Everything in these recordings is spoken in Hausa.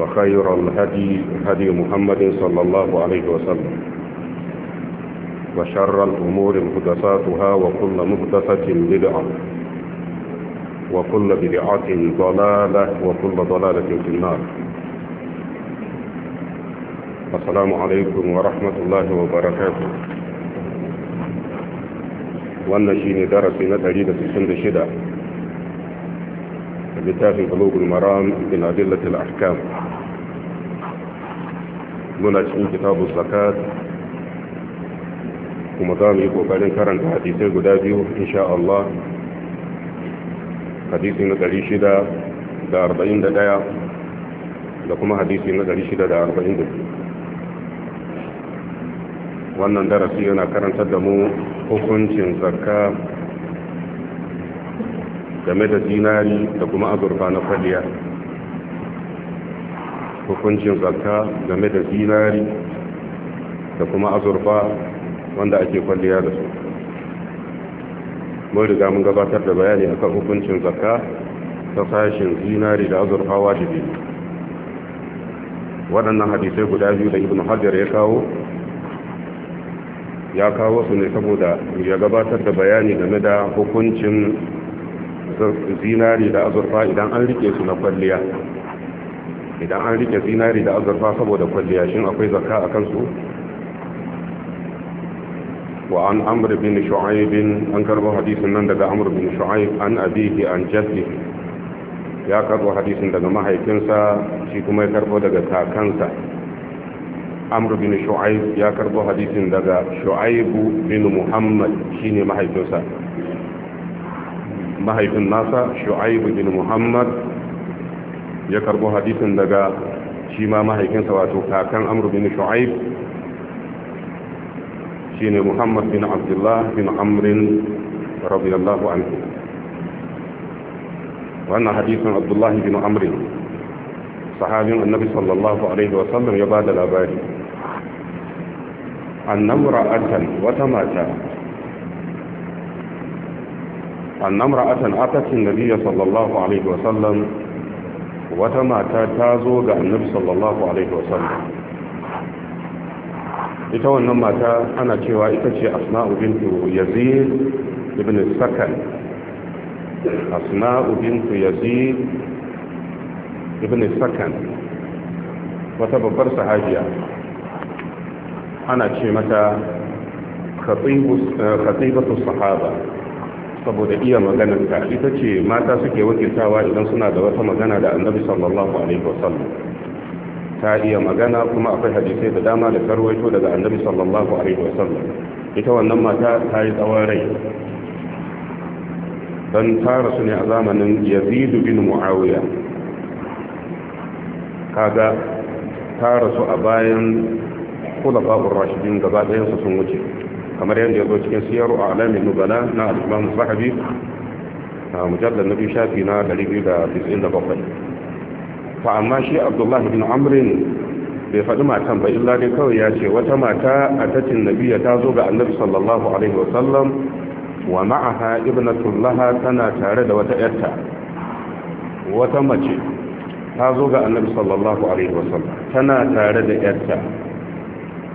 وخير الهدي هدي محمد صلى الله عليه وسلم وشر الأمور مهدساتها وكل مهدسة بدعة وكل بدعة ضلالة وكل ضلالة في النار السلام عليكم ورحمة الله وبركاته والنشين درسنا في سند الشدة بتاخي قلوب المرام من أدلة الأحكام muna cikin kitabu zakat kuma za mu yi kokarin karanta hadisai guda biyu insha Allah hadisi na 641 da kuma hadisi na 642 wannan darasi yana karanta da mu hukuncin zakka game da zinari da kuma azurfa na kwaliya hukuncin zakka game da zinari da kuma azurfa wanda ake kwalliya da su mai riga mun gabatar da bayani a kan hukuncin zakka ta sashen zinari da azurfa wajibi waɗannan hadisai guda biyu da ibn hajjar ya kawo ya kawo su ne saboda ya gabatar da bayani game da hukuncin zinari da azurfa idan an rike su na kwalliya idan an rike zinari da azurfa saboda kwalliya shin akwai zakka a kansu wa an Amur bin shu'aib an karbo hadisin nan daga Amur bin shu'aib an abihi an jaddi ya karbo hadisin daga mahaifinsa shi kuma ya karbo daga kakansa Amur bin shu'aib ya karbo hadisin daga shu'aibu bin muhammad shine mahaifinsa mahaifin nasa shu'aibu bin muhammad ya karbo hadisin daga shi ma mahaifinsa wato kakan amru bin shu'aib shi ne muhammad bin abdullah bin amrin radiyallahu anhu wannan hadisin abdullah bin amrin sahabin annabi sallallahu alaihi wa sallam ya bada labari annamra atan wata mata annamra atan atatin nabiyyi sallallahu alaihi wa sallam wata mata ta zo ga annabi sallallahu alaihi wasallam ita wannan mata ana cewa ita ce asma'u bintu yazid ibn sakan asma'u bintu yazid ibn sakan wata babbar sahabiya ana ce mata eh, khatibatu sahaba saboda iya maganarka ita ce mata suke wakiltawa idan suna da wata magana da annabi sallallahu alaihi wasallam ta iya magana kuma akwai hadisai da dama da karwaito daga annabi sallallahu alaihi wasallam ita wannan mata ta yi tsawon rai don ta rasu ne a zamanin yazidu bin muawiya kaga ta rasu a bayan kula babur rashidin gaba ɗayansu sun wuce kamar yadda ya zo cikin siyar a alamin nubala na al'imam sahabi a mujallar na biyu shafi na 297 fa amma shi abdullahi bin amrin bai faɗi matan ba illa dai kawai ya ce wata mata a tattin nabiya ta zo ga annabi sallallahu alaihi wasallam wa ma'aha ibnatullaha tana tare da wata yarta wata mace ta zo ga annabi sallallahu alaihi wasallam tana tare da yarta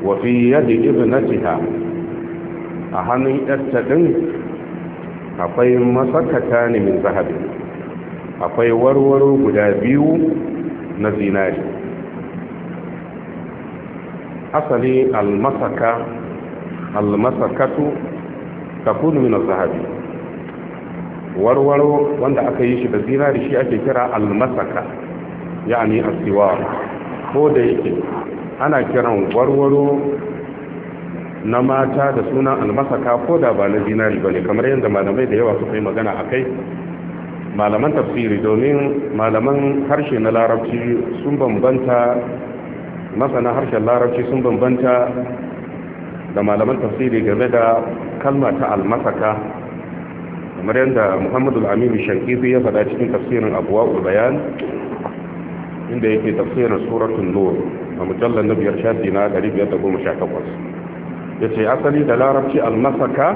wa fi yadi ibnatiha a hannun yarta ɗin akwai masakata ne min zahabi akwai warwaro guda biyu na zinari asali almasaka almasakatu takunu min zahabi warwaro wanda aka yi shi da zinari shi ake kira almasaka yani asiwa ko da yake ana kiran warwaro na mata da suna almasaka ko da ba na zinari ba ne kamar yadda malamai da yawa suka yi magana a kai malaman tafsiri domin malaman harshe na larabci sun bambanta masana harshen larabci sun bambanta da malaman tafsiri game da kalma ta almasaka kamar yadda muhammadu al'amiru shankizi ya faɗa cikin tafsirin abuwa bayan inda yake tafsirin suratun nur a mujallar na biyar shafi na 518 ya ce asali da larabci almasaka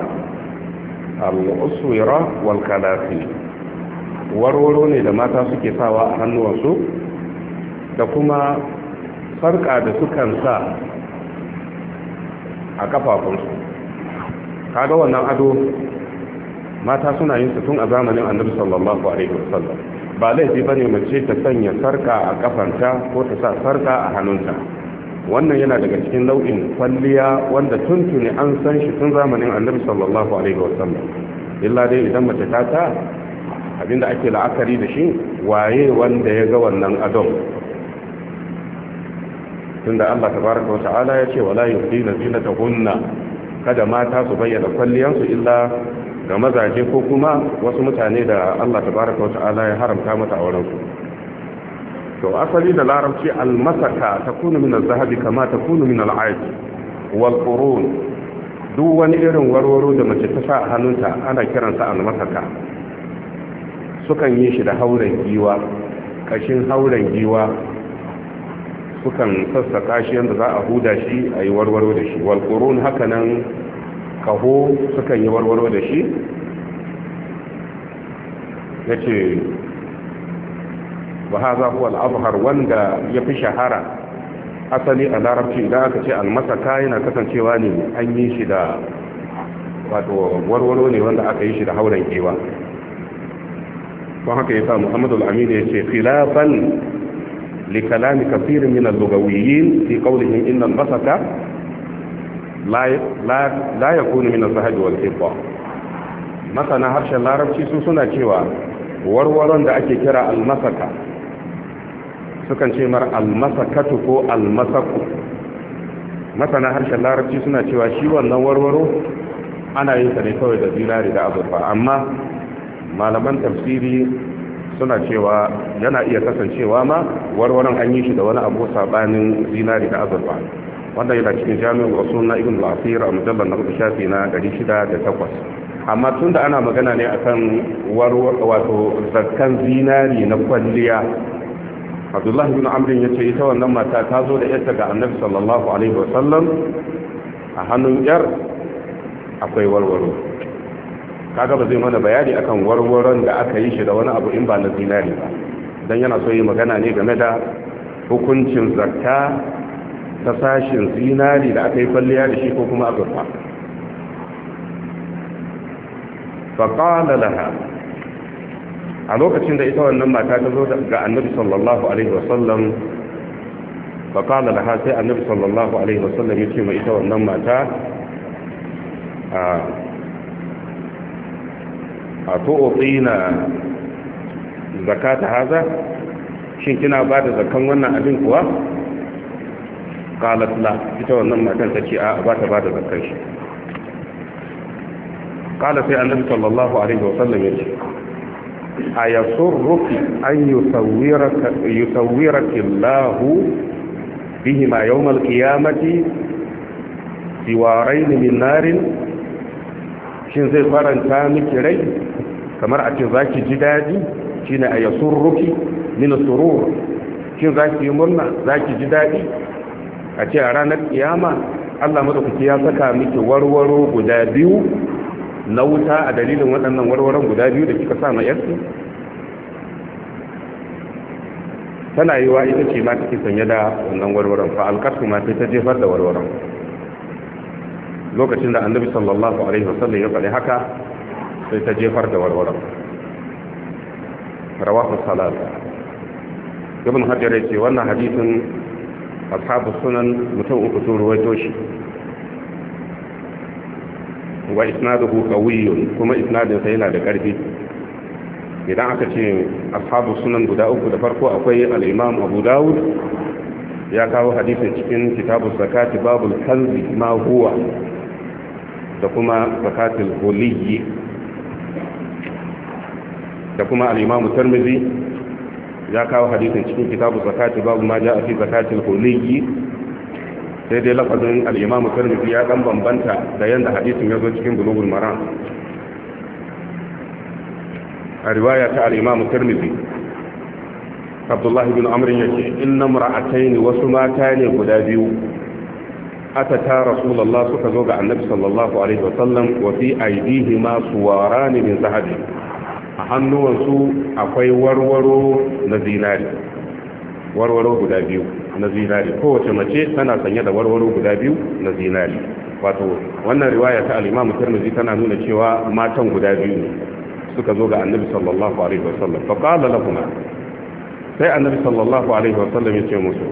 al'uswira walkalafi warwaro ne da mata suke sawa a hannuwansu da kuma sarƙa da sukan sa a kafafunsu kaga wannan ado mata suna yin su tun a zamanin annabi sallallahu alaihi wasallam ba laifi bane mace ta sanya sarka a kafanta ko ta sa sarka a hannunta wannan yana daga cikin nau'in kwalliya wanda tuntuni an san shi tun zamanin annabi sallallahu alaihi wasallam illa dai idan mace ta ta abinda ake la'akari da shi waye wanda ya ga wannan adon tunda Allah tabaraka wa ta'ala ya ce wala yubdina zinatahunna kada mata su bayyana kwalliyansu illa ga mazaje ko kuma wasu mutane da Allah tabaraka wa ta'ala ya haramta mata su to asali da larabci almasaka takunu min alzahabi zahabi kama takunu min al wal qurun duk wani irin warwaro da mace ta sa a hannunta ana kiransa almasaka sukan yi shi da hauren giwa kashin hauren giwa sukan sassaka shi yadda za a huda shi a yi warwaro da shi wal qurun hakanan kaho sukan yi warwaro da shi yace wa haza huwa al-azhar wanda yafi shahara asali a larabci idan aka ce al-masaka yana kasancewa ne an yi shi da wato warwaro ne wanda aka yi shi da hauren kewa don haka yasa Muhammadu al-Amin ya ce khilafan li kalami kathir min al-lugawiyyin fi qawlihim inna al-masaka la la la yakunu min al-sahad wal-fidda masana harshen larabci su suna cewa warwaron da ake kira al-masaka sukan ce almasa almasakatu ko almasaku masana harshen larabci suna cewa shi wannan warwaro ana yin sa ne kawai da zinari da azurfa amma malaman tafsiri suna cewa yana iya kasancewa ma warwaron an yi shi da wani abu sabanin zinari da azurfa wanda yana cikin jami'in wasu na ibn lafiyar a mujallar na hudu shafi na takwas, amma tun da ana magana ne akan wato zakkan zinari na kwalliya abdullahi bin amrin ya ce ita wannan mata ta zo da yarta ga annabi sallallahu alaihi wasallam a hannun yar akwai warwaro kaga ba zai mana bayani akan warwaron da aka yi shi da wani abu in ba na zinari ba dan yana so yi magana ne game da hukuncin zakka ta sashin zinari da aka yi kwalliya da shi ko kuma azurfa faƙala laha a lokacin da ita wannan mata ta zo ga annabi sallallahu alaihi wasallam fa qala laha sai annabi sallallahu alaihi wasallam yace ma ita wannan mata a to utina zakata haza shin kina ba da zakan wannan abin kuwa qalat la ita wannan mata ta ce a ba ta ba da zakan shi qala sai annabi sallallahu alaihi wasallam yace a an yusawwiraki Allah bihi ma yawmal qiyamati siwarain min narin shin zai faranta miki rai kamar a ce zaki ji dadi shine a min surur shin zaki yi murna zaki ji dadi a ce a ranar kiyama Allah madaukaki ya saka miki warwaro guda biyu na wuta a dalilin waɗannan warwaran guda biyu da kika sa ma yarsu tana yi wa ita ce ma take sanye da wannan warwaran fa alƙarfi ma sai ta jefar da warwaran lokacin da annabi sallallahu alaihi wasallam ya faɗi haka sai ta jefar da warwaran rawahu salata ibn hajar ya ce wannan hadisin ashabu sunan mutum uku sun ruwaito shi wa isnaduhu qawiyyun kuma isnadin sa yana da ƙarfi. idan aka ce ashabu sunan guda uku da farko akwai al-imam Abu Dawud ya kawo hadisi cikin kitabus zakati babul kalbi ma huwa da kuma zakatul huliyyi da kuma al-imam Tirmidhi ya kawo hadisin cikin kitabus zakati babu ma ja'a fi zakatil huliyyi sai dai lafazin al'imamu tarmizi ya dan bambanta da yadda hadisin ya zo cikin bulugul mara. a riwaya ta al'imamu tarmizi abdullahi bin amrin yake inna mura'atai ne wasu mata ne guda biyu aka ta rasulallah suka zo ga annabi sallallahu alaihi wasallam wa fi aidihi ma wara ne min zahabi a hannuwansu akwai warwaro na zinari warwaro guda biyu na zinari kowace mace tana sanye da warwaro guda biyu na zinari wato wannan riwaya ta al-Imam Tirmidhi tana nuna cewa matan guda biyu ne suka zo ga Annabi sallallahu alaihi wasallam fa qala lahum sai Annabi sallallahu alaihi wasallam ya ce musu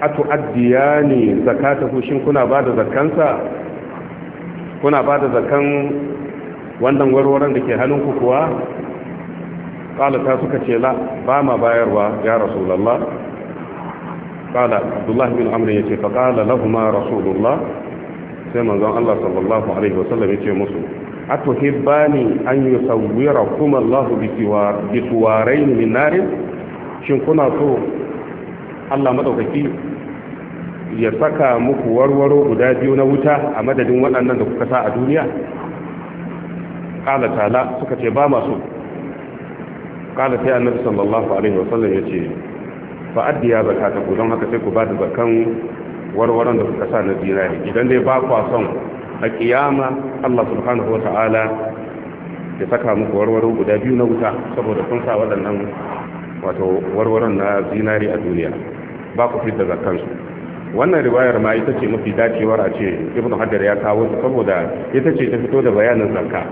atu'addiyani zakatahu shin kuna bada zakansa kuna bada zakan wannan warwaron da ke hannunku kuwa ƙalata suka ce la ba ma bayarwa ya rasulallah ƙala abdullahi bin amri ya ce fa ƙala lahuma rasulullah sai manzon Allah sallallahu alaihi wasallam ya ce musu atuhibbani an yusawwira kuma Allah bi suwarain min shin kuna so Allah madaukaki ya saka muku warwaro guda biyu na wuta a madadin waɗannan da kuka sa a duniya ƙala tala suka ce ba masu faƙala sai annabi sallallahu alaihi sallam ya ce fa'addiya zakata ku don haka sai ku ba da zakan warwaran da kuka sa na zinari idan dai ba kwa son a kiyama Allah subhanahu wata'ala ya saka muku warwaran guda biyu na wuta saboda kun sa waɗannan wato warwaran na zinari a duniya ba ku fitar da kansu wannan riwayar ma ita ce mafi dacewar a ce ibn hajar ya kawo saboda ita ce ta fito da bayanin zakka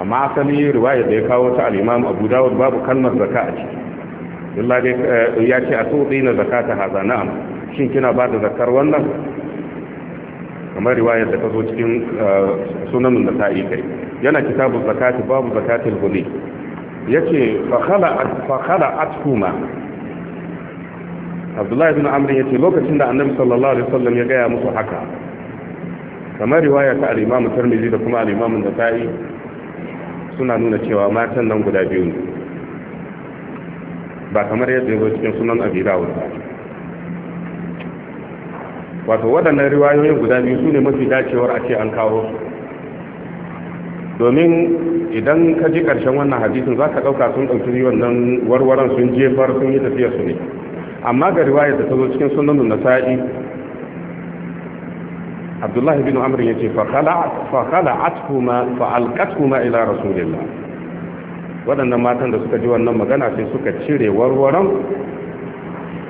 amma asali riwaya da ya kawo ta al-imam abu dawud babu kalmar zaka a ciki illa dai eh, ya ce a sauɗi na zakata haza na'am shin kina ba da zakar wannan kamar riwayar da ta zo cikin eh, sunan da ta kai yana kitabu zakati babu zakatil huli yace fa khala fa khala atkuma Abdullahi ibn Amr yace lokacin da Annabi sallallahu alaihi wasallam ya gaya musu haka kamar riwaya ta al-Imam Tirmidhi da kuma al-Imam Nasa'i suna nuna cewa matan nan guda biyu ne ba kamar yadda ya zo cikin sunan abi dawud wato waɗannan riwayoyin guda biyu su ne mafi dacewar a ce an kawo su domin idan ka ji ƙarshen wannan hadisin za ka ɗauka sun ɗauki nan warwaran sun jefar sun yi tafiyar su ne amma ga riwayar da ta zo cikin sunan nasa'i abdullahi bin amr ya ce fa fa'alƙatkuma ila rasulillah waɗannan matan da suka ji wannan magana sai suka cire warwaron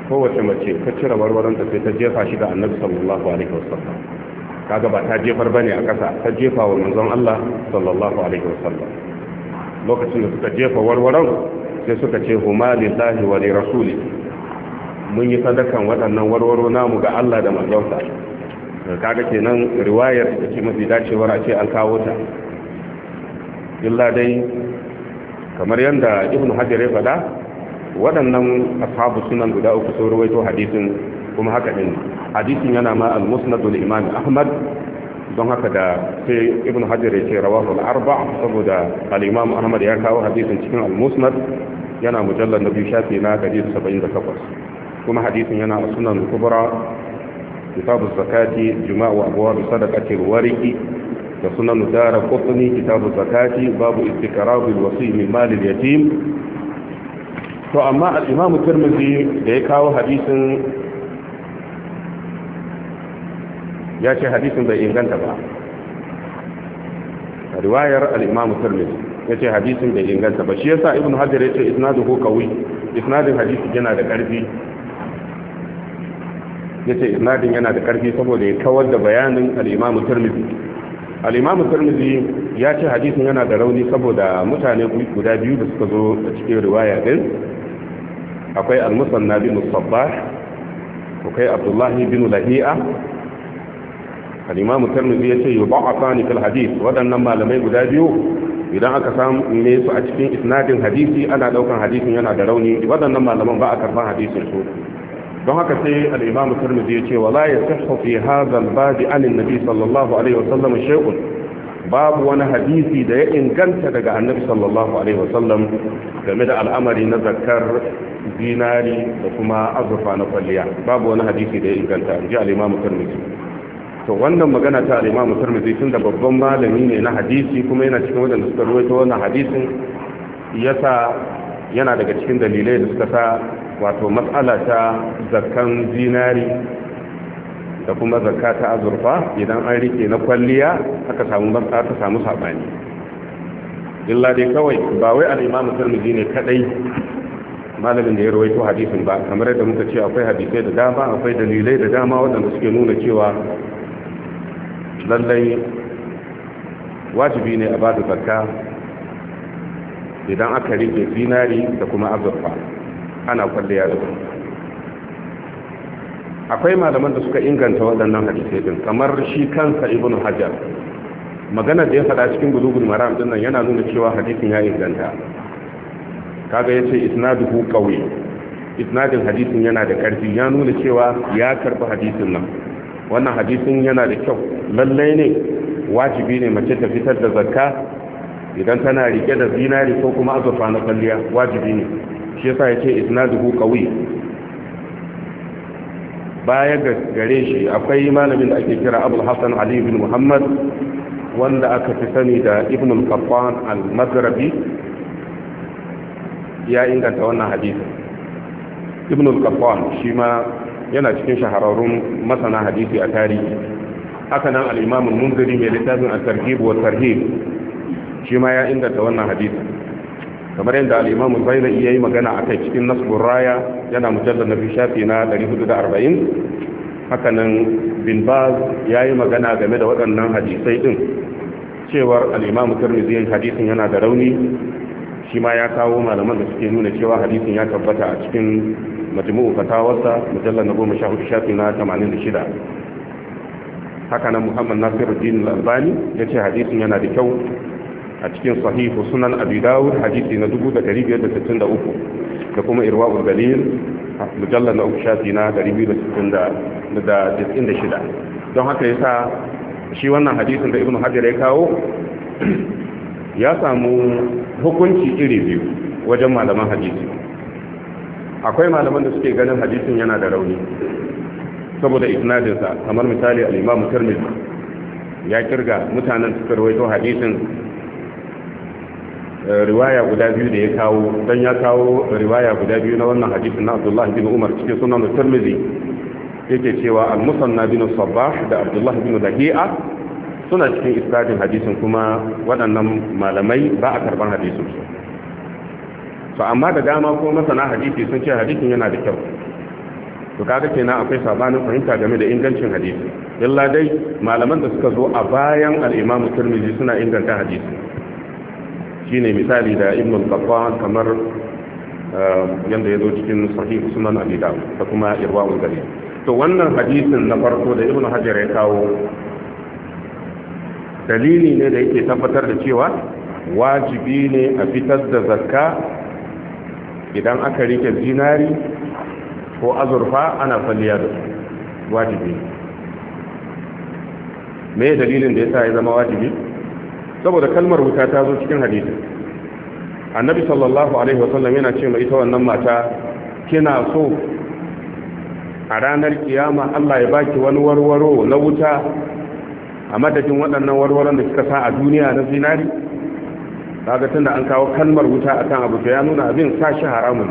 kowace mace ta cire warwaron ta sai ta jefa shi ga annabi sallallahu alaihi wasallam kaga ba ta jefar bane a ƙasa ta jefa wa manzon Allah sallallahu alaihi wasallam lokacin da suka jefa warwaron sai suka ce huma lillahi wa li rasuli mun yi sadakan waɗannan warwaro namu ga Allah da manzonsa kaga kenan riwayar da ke mafi dacewar a ce an kawo ta illa dai kamar yadda ibn hajar ya faɗa waɗannan ashabu sunan guda uku sun rawaito hadisin kuma haka din hadisin yana ma al-musnad al-imam ahmad don haka da sai ibn hajar ya ce rawahu al-arba saboda al-imam ahmad ya kawo hadisin cikin al-musnad yana mujallar na biyu shafi na 178 kuma hadisin yana sunan kubra kitabu zakati juma'u abuwa sadaqati wariki da sunan dara qutni kitabu zakati babu istiqrabu alwasi min mal alyatim to amma al-imam ya ce hadisin bai inganta ba riwayar al-imam ya ce hadisin bai inganta ba shi yasa ibn hajar ya ce isnaduhu qawi isnadin hadisi yana da ƙarfi. yace isnadin yana da ƙarfi saboda ya kawar da bayanin al-Imam Tirmidhi al-Imam Tirmidhi ya ce hadisin yana da rauni saboda mutane guda biyu da suka zo a cikin riwaya din akwai al na bin Sabbah akwai Abdullah bin Lahi'a al-Imam Tirmidhi yace yudha'afani fil hadis wadannan malamai guda biyu idan aka samu ne su a cikin isnadin hadisi ana daukan hadisin yana da rauni wadannan malaman ba a karban hadisin su don haka sai al’imam turmizi ya ce wala la ya hadha al-bab an an-nabi sallallahu alaihi wasallam shay'un babu wani hadisi da ya inganta daga annabi sallallahu alaihi wasallam game da al'amari na zakkar dinari da kuma azurfa na kwalliya babu wani hadisi da ya inganta in ji al’imam turmizi to wannan magana ta al’imam turmizi sun tun da babban malami ne na hadisi kuma yana cikin da suka ruwaito wannan hadisin yasa yana daga cikin dalilai da suka sa wato matsala ta zakan zinari da kuma zakka ta azurfa idan an rike na kwalliya aka samu matsala ta samu sabani illa dai kawai ba wai al-imamu tirmidhi ne kadai malamin da ya rawaito hadisin ba kamar yadda muka ce akwai hadisai da dama akwai dalilai da dama waɗanda suke nuna cewa lallai wajibi ne a ba da zakka idan aka rike zinari da kuma azurfa ana kwalliya da zuwa akwai malaman da suka inganta waɗannan hadisai din kamar shi kansa ibnu hajar Maganar da ya faɗa cikin gudugun maram din nan yana nuna cewa hadisin ya inganta kaga yace isnaduhu qawi isnadin hadisin yana da ƙarfi ya nuna cewa ya karɓi hadisin nan wannan hadisin yana da kyau lallai ne wajibi ne mace ta fitar da zakka idan tana rike da zinari ko kuma azurfa na kwalliya wajibi ne shi ya ce isnaduhu qawi baya ga gare shi akwai malamin da ake kira abul Hassan ali bin muhammad wanda aka fi sani da ibn al al-maghribi ya inganta wannan hadisin ibn al shi ma yana cikin shahararrun masana hadisi a tarihi haka nan al-imam al-munziri mai littafin al targhib wa tarhib shi ma ya inganta wannan hadisin kamar yadda al'imamun zaina iya yi magana a kai cikin nasbun raya yana mujallar na shafi na 440 hakanan bin baz ya yi magana game da waɗannan hadisai ɗin cewar zai yi hadisin yana da rauni shi ma ya kawo malaman da suke nuna cewa hadisin ya tabbata a cikin majmu'u fatawarsa mujallar na goma sha hudu shafi na 86 hakanan muhammad nasiruddin albani ya ce hadisin yana da kyau a cikin sahihu sunan abi dawud hadisi na 1563 da kuma irwaul galil mujalla na uku shafi na shida don haka yasa shi wannan hadisin da ibnu hajar ya kawo ya samu hukunci iri biyu wajen malaman hadisi akwai malaman da suke ganin hadisin yana da rauni saboda isnadinsa kamar misali al-imam tirmidhi ya kirga mutanen suka rawaito hadisin riwaya guda biyu da ya kawo dan ya kawo riwaya guda biyu na wannan hadisin na Abdullah bin Umar cikin sunan Tirmidhi yake cewa al-Musanna bin Sabbah da Abdullah bin Dahi'a suna cikin isnadin hadisin kuma waɗannan malamai ba a karban hadisin su to amma da dama ko masana hadisi sun ce hadisin yana da kyau to kaga kenan akwai sabanin fahimta game da ingancin hadisi illa dai malaman da suka zo a bayan al-Imam Tirmidhi suna inganta hadisi shine misali da ibn al-qaffa kamar eh, yadda ya zo cikin sahih sunan abi dawud da kuma irwaul gari to wannan hadisin na farko da ibn hajar ya kawo dalili ne da yake tabbatar da cewa wajibi ne a fitar da zakka idan aka rike zinari ko azurfa ana falliya da wajibi me dalilin da yasa ya zama wajibi saboda kalmar wuta ta zo cikin hadisi annabi sallallahu alaihi wasallam yana ce mai ita wannan mata kina so a ranar kiyama Allah ya baki wani warwaro na wuta a madadin waɗannan warwaron da kika sa a duniya na zinari kaga tunda an kawo kalmar wuta akan abu ya nuna abin sa shi haramun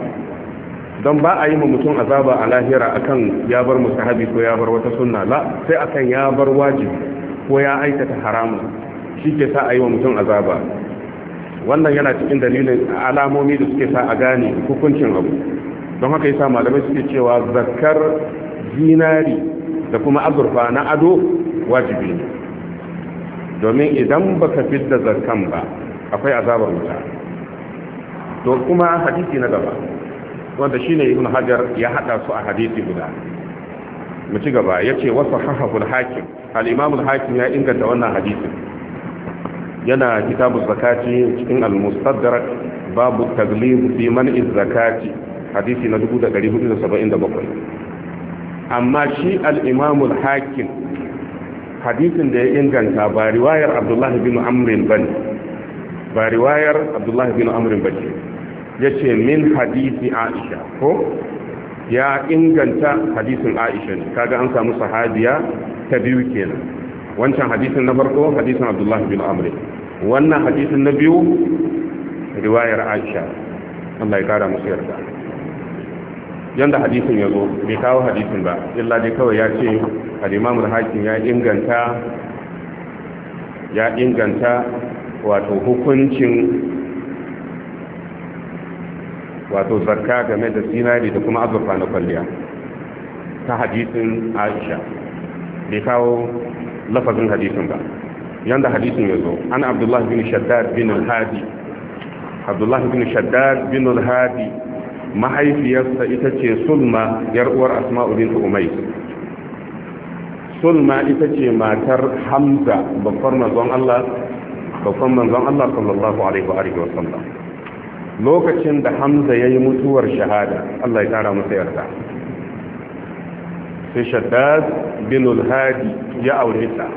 don ba a yi ma mutum azaba a lahira akan ya bar musahabi ko ya bar wata sunna la sai akan ya bar wajibi ko ya aikata haramun shi ke sa a yi wa mutum azaba wannan yana cikin dalilin alamomi da suke sa a gane hukuncin abu don haka sa malamai suke cewa zakar zinari da kuma azurfa na ado wajibi ne domin idan baka da zarkan ba akwai azabar wuta to kuma hadisi na gaba wanda shi ne ibn hajar ya hada su a hadisi guda mu ci gaba ya ce wasu hakim al imamul hakim ya inganta wannan hadisin yana kitabu zakati cikin al-mustadrak babu taglib fi man'i zakati hadisi na 1477 amma shi al-imam al-hakim hadisin da ya inganta ba riwayar abdullahi bin amrin bane ba riwayar abdullahi bin amrin bin yace min hadisi aisha ko ya inganta hadisin aisha ne kaga an samu sahabiya ta biyu kenan wancan hadisin na farko hadisin abdullahi bin amri wannan hadisin na biyu riwayar aisha Allah ya kara musu yarda yanda hadisin ya zo bai kawo hadisin ba illa dai kawai ya ce al al hakim ya inganta ya inganta wato hukuncin wato zakka game da sinari da kuma azurfa na kwalliya ta hadisin aisha bai kawo lafazin hadisin ba yanda hadisin ya zo ana abdullahi bin shaddad bin al-hadi abdullahi bin shaddad bin al-hadi mahaifiyarsa ita ce sulma yar uwar asma'u bint umay sulma ita ce matar hamza babbar manzon Allah babban manzon Allah sallallahu alaihi wa alihi wa sallam lokacin da hamza yayi mutuwar shahada Allah ya tara masa yarda sai shaddad bin al-hadi ya aure ta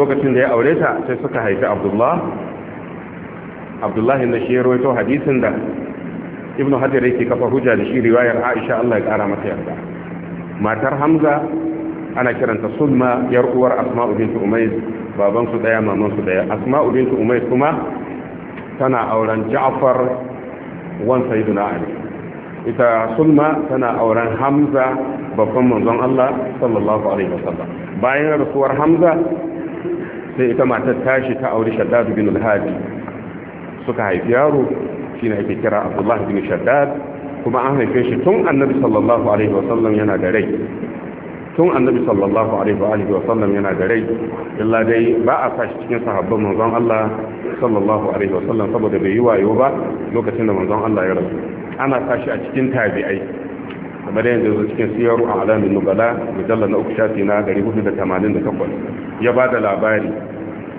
lokacin da ya aure ta sai suka haifi abdullah abdullah na shi rawaito hadisin da ibnu hajar yake kafa hujja da shi riwayar aisha Allah ya kara mata yarda matar hamza ana kiranta sulma yar uwar asma'u bint umays baban su daya maman su daya asma'u bint umays kuma tana auren ja'far wan sayyiduna ali ita sulma tana auren hamza babban manzon Allah sallallahu alaihi wasallam bayan rasuwar hamza sai ita matar tashi ta auri shaddad bin al-hadi suka haifi yaro shine ake kira abdullah bin shaddad kuma an haife shi tun annabi sallallahu alaihi wasallam yana da rai tun annabi sallallahu alaihi wa sallam yana da rai illa dai ba a sashi cikin sahabban manzon Allah sallallahu alaihi wa sallam saboda bai yi wayo ba lokacin da manzon Allah ya rasu ana sashi a cikin tabi'ai kamar yanzu zo cikin siyarwa a alamin nubala Mujalla na uku shafi na 488 ya ba da labari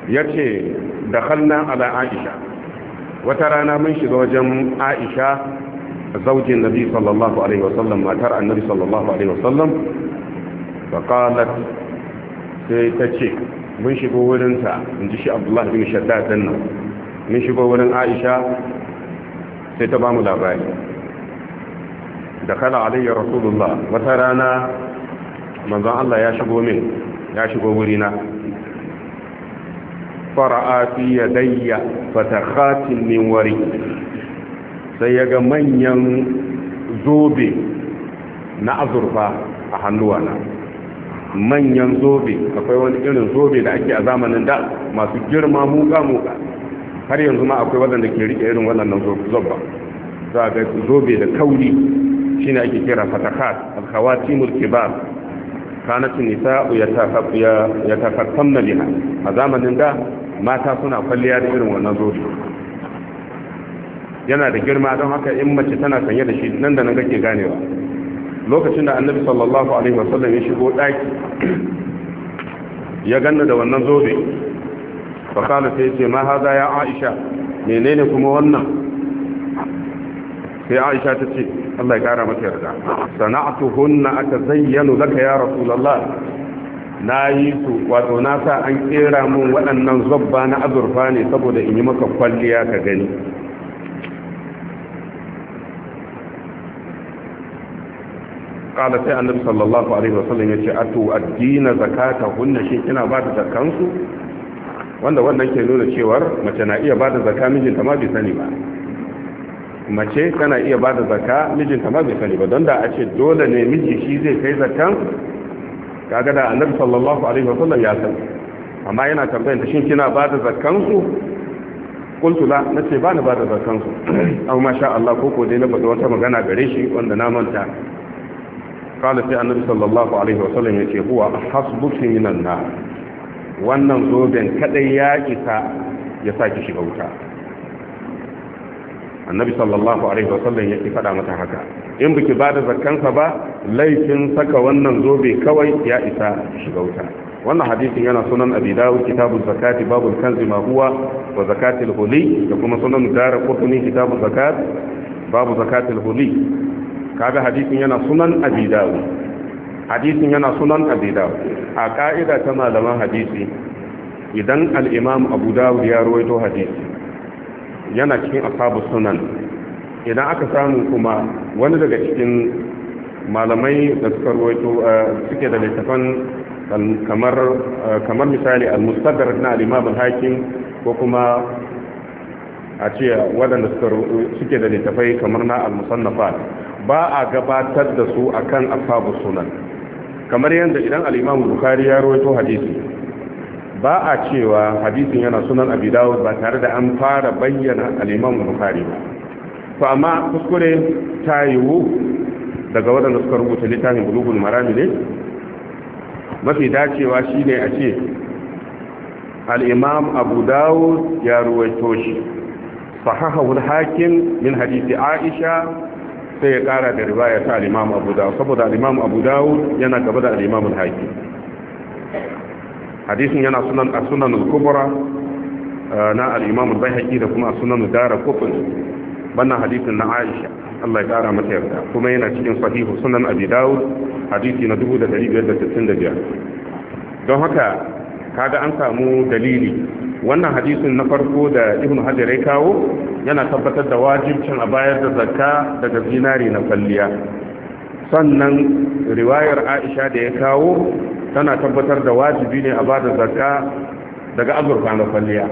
ya ce da hannun ala aisha wata rana mun shiga wajen aisha zaujin nabi sallallahu alaihi wasallam matar annabi sallallahu alaihi wasallam fa qalat sai ta ce mun shigo wurinta in ji shi abdullahi bin shaddad din nan mun shigo wurin aisha sai ta ba mu labari da kala aliyu rasulullah wata rana manzon Allah ya shigo min ya shigo wurina fara'a fi yadayya fatakhatin min wari sai ya ga manyan zobe na azurfa a hannuwana manyan zobe akwai wani irin zobe da ake a zamanin da masu girma mu mu har yanzu ma akwai waɗanda ke rike irin wadannan zobba za a ga zobe da kauri ne ake kira fatakat alkhawatimul kibar ya nisa'u tamna biha a zamanin da mata suna kwalliya da irin wannan zobe yana da girma don haka in mace tana sanye da shi nan da nan kake ganewa lokacin da annabi sallallahu alaihi wasallam ya shigo daki ya ganna da wannan zobe fakala sai ce ma haza ya aisha menene kuma wannan sai aisha ta ce Allah kara mata yarda sana'atu hunna aka zayyano laka ya rasulullah na yi su wato na sa an kera mun waɗannan zobba na azurfa ne saboda in yi maka kwalliya ka gani kala sai annabi sallallahu alaihi wasallam ya ce atu addina zakata hunna shi kina ba da zakansu wanda wannan ke nuna cewar mace na iya ba da zaka mijinta ma bai sani ba mace tana iya ba da zaka mijinta ma bai sani ba don da a ce dole ne miji shi zai kai zakan, kaga da annabi sallallahu alaihi wasallam ya san amma yana tambayar da shin kina da zakan su kuntu la nace ba ni da zakan su amma masha Allah ko dai na faɗi wata magana gare shi wanda na manta قال في النبي صلى الله عليه وسلم يقول هو حسبك من النار wannan zoben kadai ya isa ya saki shiga wuta annabi sallallahu alaihi wasallam yake fada mata haka in biki ba da zakkansa ba laifin saka wannan zobe kawai ya isa shiga wuta wannan hadisin yana sunan abi dawud kitabul zakati babul kanzi ma huwa wa zakatil huli da kuma sunan dara qutni kitabul zakat babu zakatil huli kaga hadisin yana sunan abi dawud hadisin yana sunan abi a ka'ida ta malaman hadisi idan al'imam abu dawud ya rawaito hadisi yana cikin asabu sunan idan aka samu kuma wani daga cikin malamai da suka rawaito eh, suke da littafan kamar eh, misali al mustadar na alimam al-hakim ko kuma a ce waɗanda suke da littafai kamar na al-musannafa ba a gabatar da su akan asabu sunan kamar yadda idan alimam bukari ya rawaito hadisi ba a cewa hadisin yana sunan abi dawud ba tare da an fara bayyana al’imam bukari ba to amma kuskure ta yiwu daga waɗanda suka rubuta littafin bulugun marami ne mafi dacewa shi ne a ce al'imam abu dawud ya ruwaito shi sahahawul hakim min hadisi aisha sai ya kara da riwaya ta al-Imam Abu Dawud saboda al-Imam Abu Dawud yana gaba da al-Imam al-Hakim hadisin yana sunan as-Sunan al-Kubra eh, na al-Imam al-Baihaqi da kuma as-Sunan ad-Darqutni wannan hadisin na Aisha Allah ya kara mata yarda kuma yana cikin sahihu Sunan Abi Dawud hadisi na 2565 don haka kaga an samu dalili wannan hadisin na farko da ibn hajar ya kawo yana tabbatar da wajibcin a bayar da zakka daga zinari na kwalliya sannan riwayar aisha da ya kawo tana tabbatar da wajibi ne a ba da zakka daga azurfa na kwalliya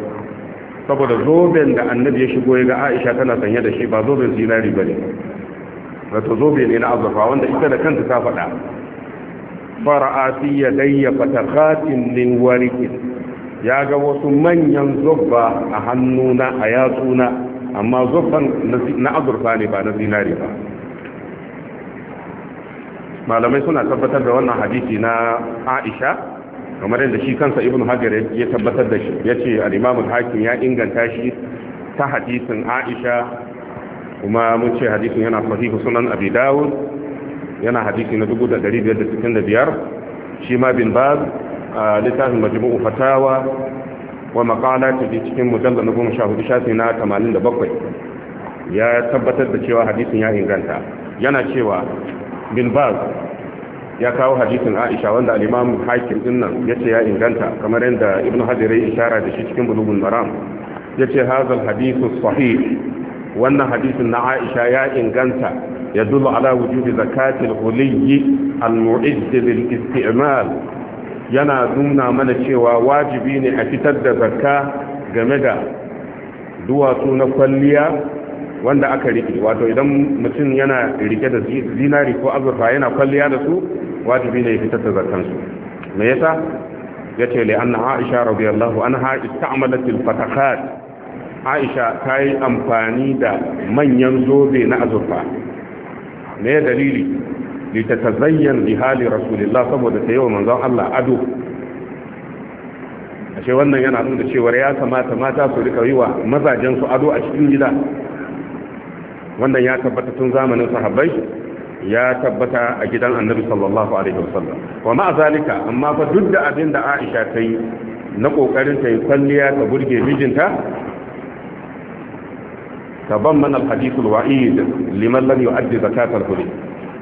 saboda zoben da annabi ya shigo ya ga aisha tana sanye da shi ba zoben zinari ba ne wato zobe ne na azurfa wanda ita da kanta ta faɗa fara'ati ya dayya fatakhatin min warikin ya ga wasu manyan zubba a hannuna a yatsuna amma zubban na azurfa ne ba na zinari ba malamai suna tabbatar da wannan hadisi na aisha kamar yadda shi kansa ibn hajar ya tabbatar da shi ya ce al'imamun hakim ya inganta shi ta hadisin aisha kuma mun ce hadisin yana sahihu sunan abi dawud yana hadisi na 1565 shi ma bin baz a littafin majmu'u fatawa wa maqala ta cikin Mujalla na goma sha hudu shafi na tamanin da bakwai ya tabbatar da cewa hadisin ya inganta yana cewa bin baz ya kawo hadisin aisha wanda al'imam hakim din nan ya ce ya inganta kamar yadda ibn ya ishara da shi cikin bulugun maram ya ce hazal hadisu sahih wannan hadisin na aisha ya inganta ya dula ala wujubi zakatil huliyyi al-mu'izzi al isti'mal yana nuna mana cewa wajibi ne a fitar da zakka game da duwatsu na kwalliya wanda aka rike wato idan mutum yana rike da zinari ko azurfa yana kwalliya da su wajibi ne ya fitar da zakkansu me yasa yace li anna aisha radiyallahu anha ista'malatil fatahat aisha ta yi amfani da manyan zobe na azurfa me dalili litatazayyan bi rasulillah saboda ta yawa manzon Allah ado ashe wannan yana nuna cewa ya kamata mata su rika yi wa mazajen su ado a cikin gida wannan ya tabbata tun zamanin sahabbai ya tabbata a gidan annabi sallallahu alaihi wasallam wa ma zalika amma fa duk da abin da Aisha ta yi na kokarin ta yi kwalliya ta burge mijinta taban man al-hadith waid liman lam yu'addi zakat hudud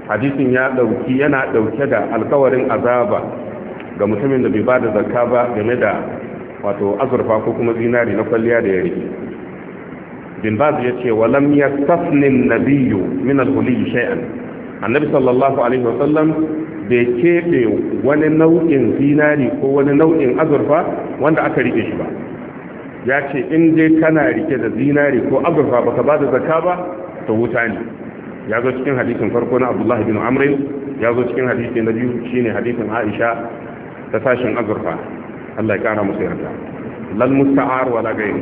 hadisin ya dauki yana dauke da alkawarin azaba ga mutumin da bai ba da zakka ba game da wato azurfa ko kuma zinari na kwalliya da ya rike bin baz ya ce wa lam yastasni nabiyyu min al-huli shay'an annabi sallallahu alaihi wa sallam bai kebe wani nau'in zinari ko wani nau'in azurfa wanda aka rike shi ba ya ce in dai kana rike da zinari ko azurfa baka ba da zakka ba to wuta ne ya zo cikin hadisin farko na abdullahi bin amrin ya zo cikin hadisi na biyu ne hadisin aisha ta sashin azurfa Allah ya kara musu yarda lal musta'ar wala gairu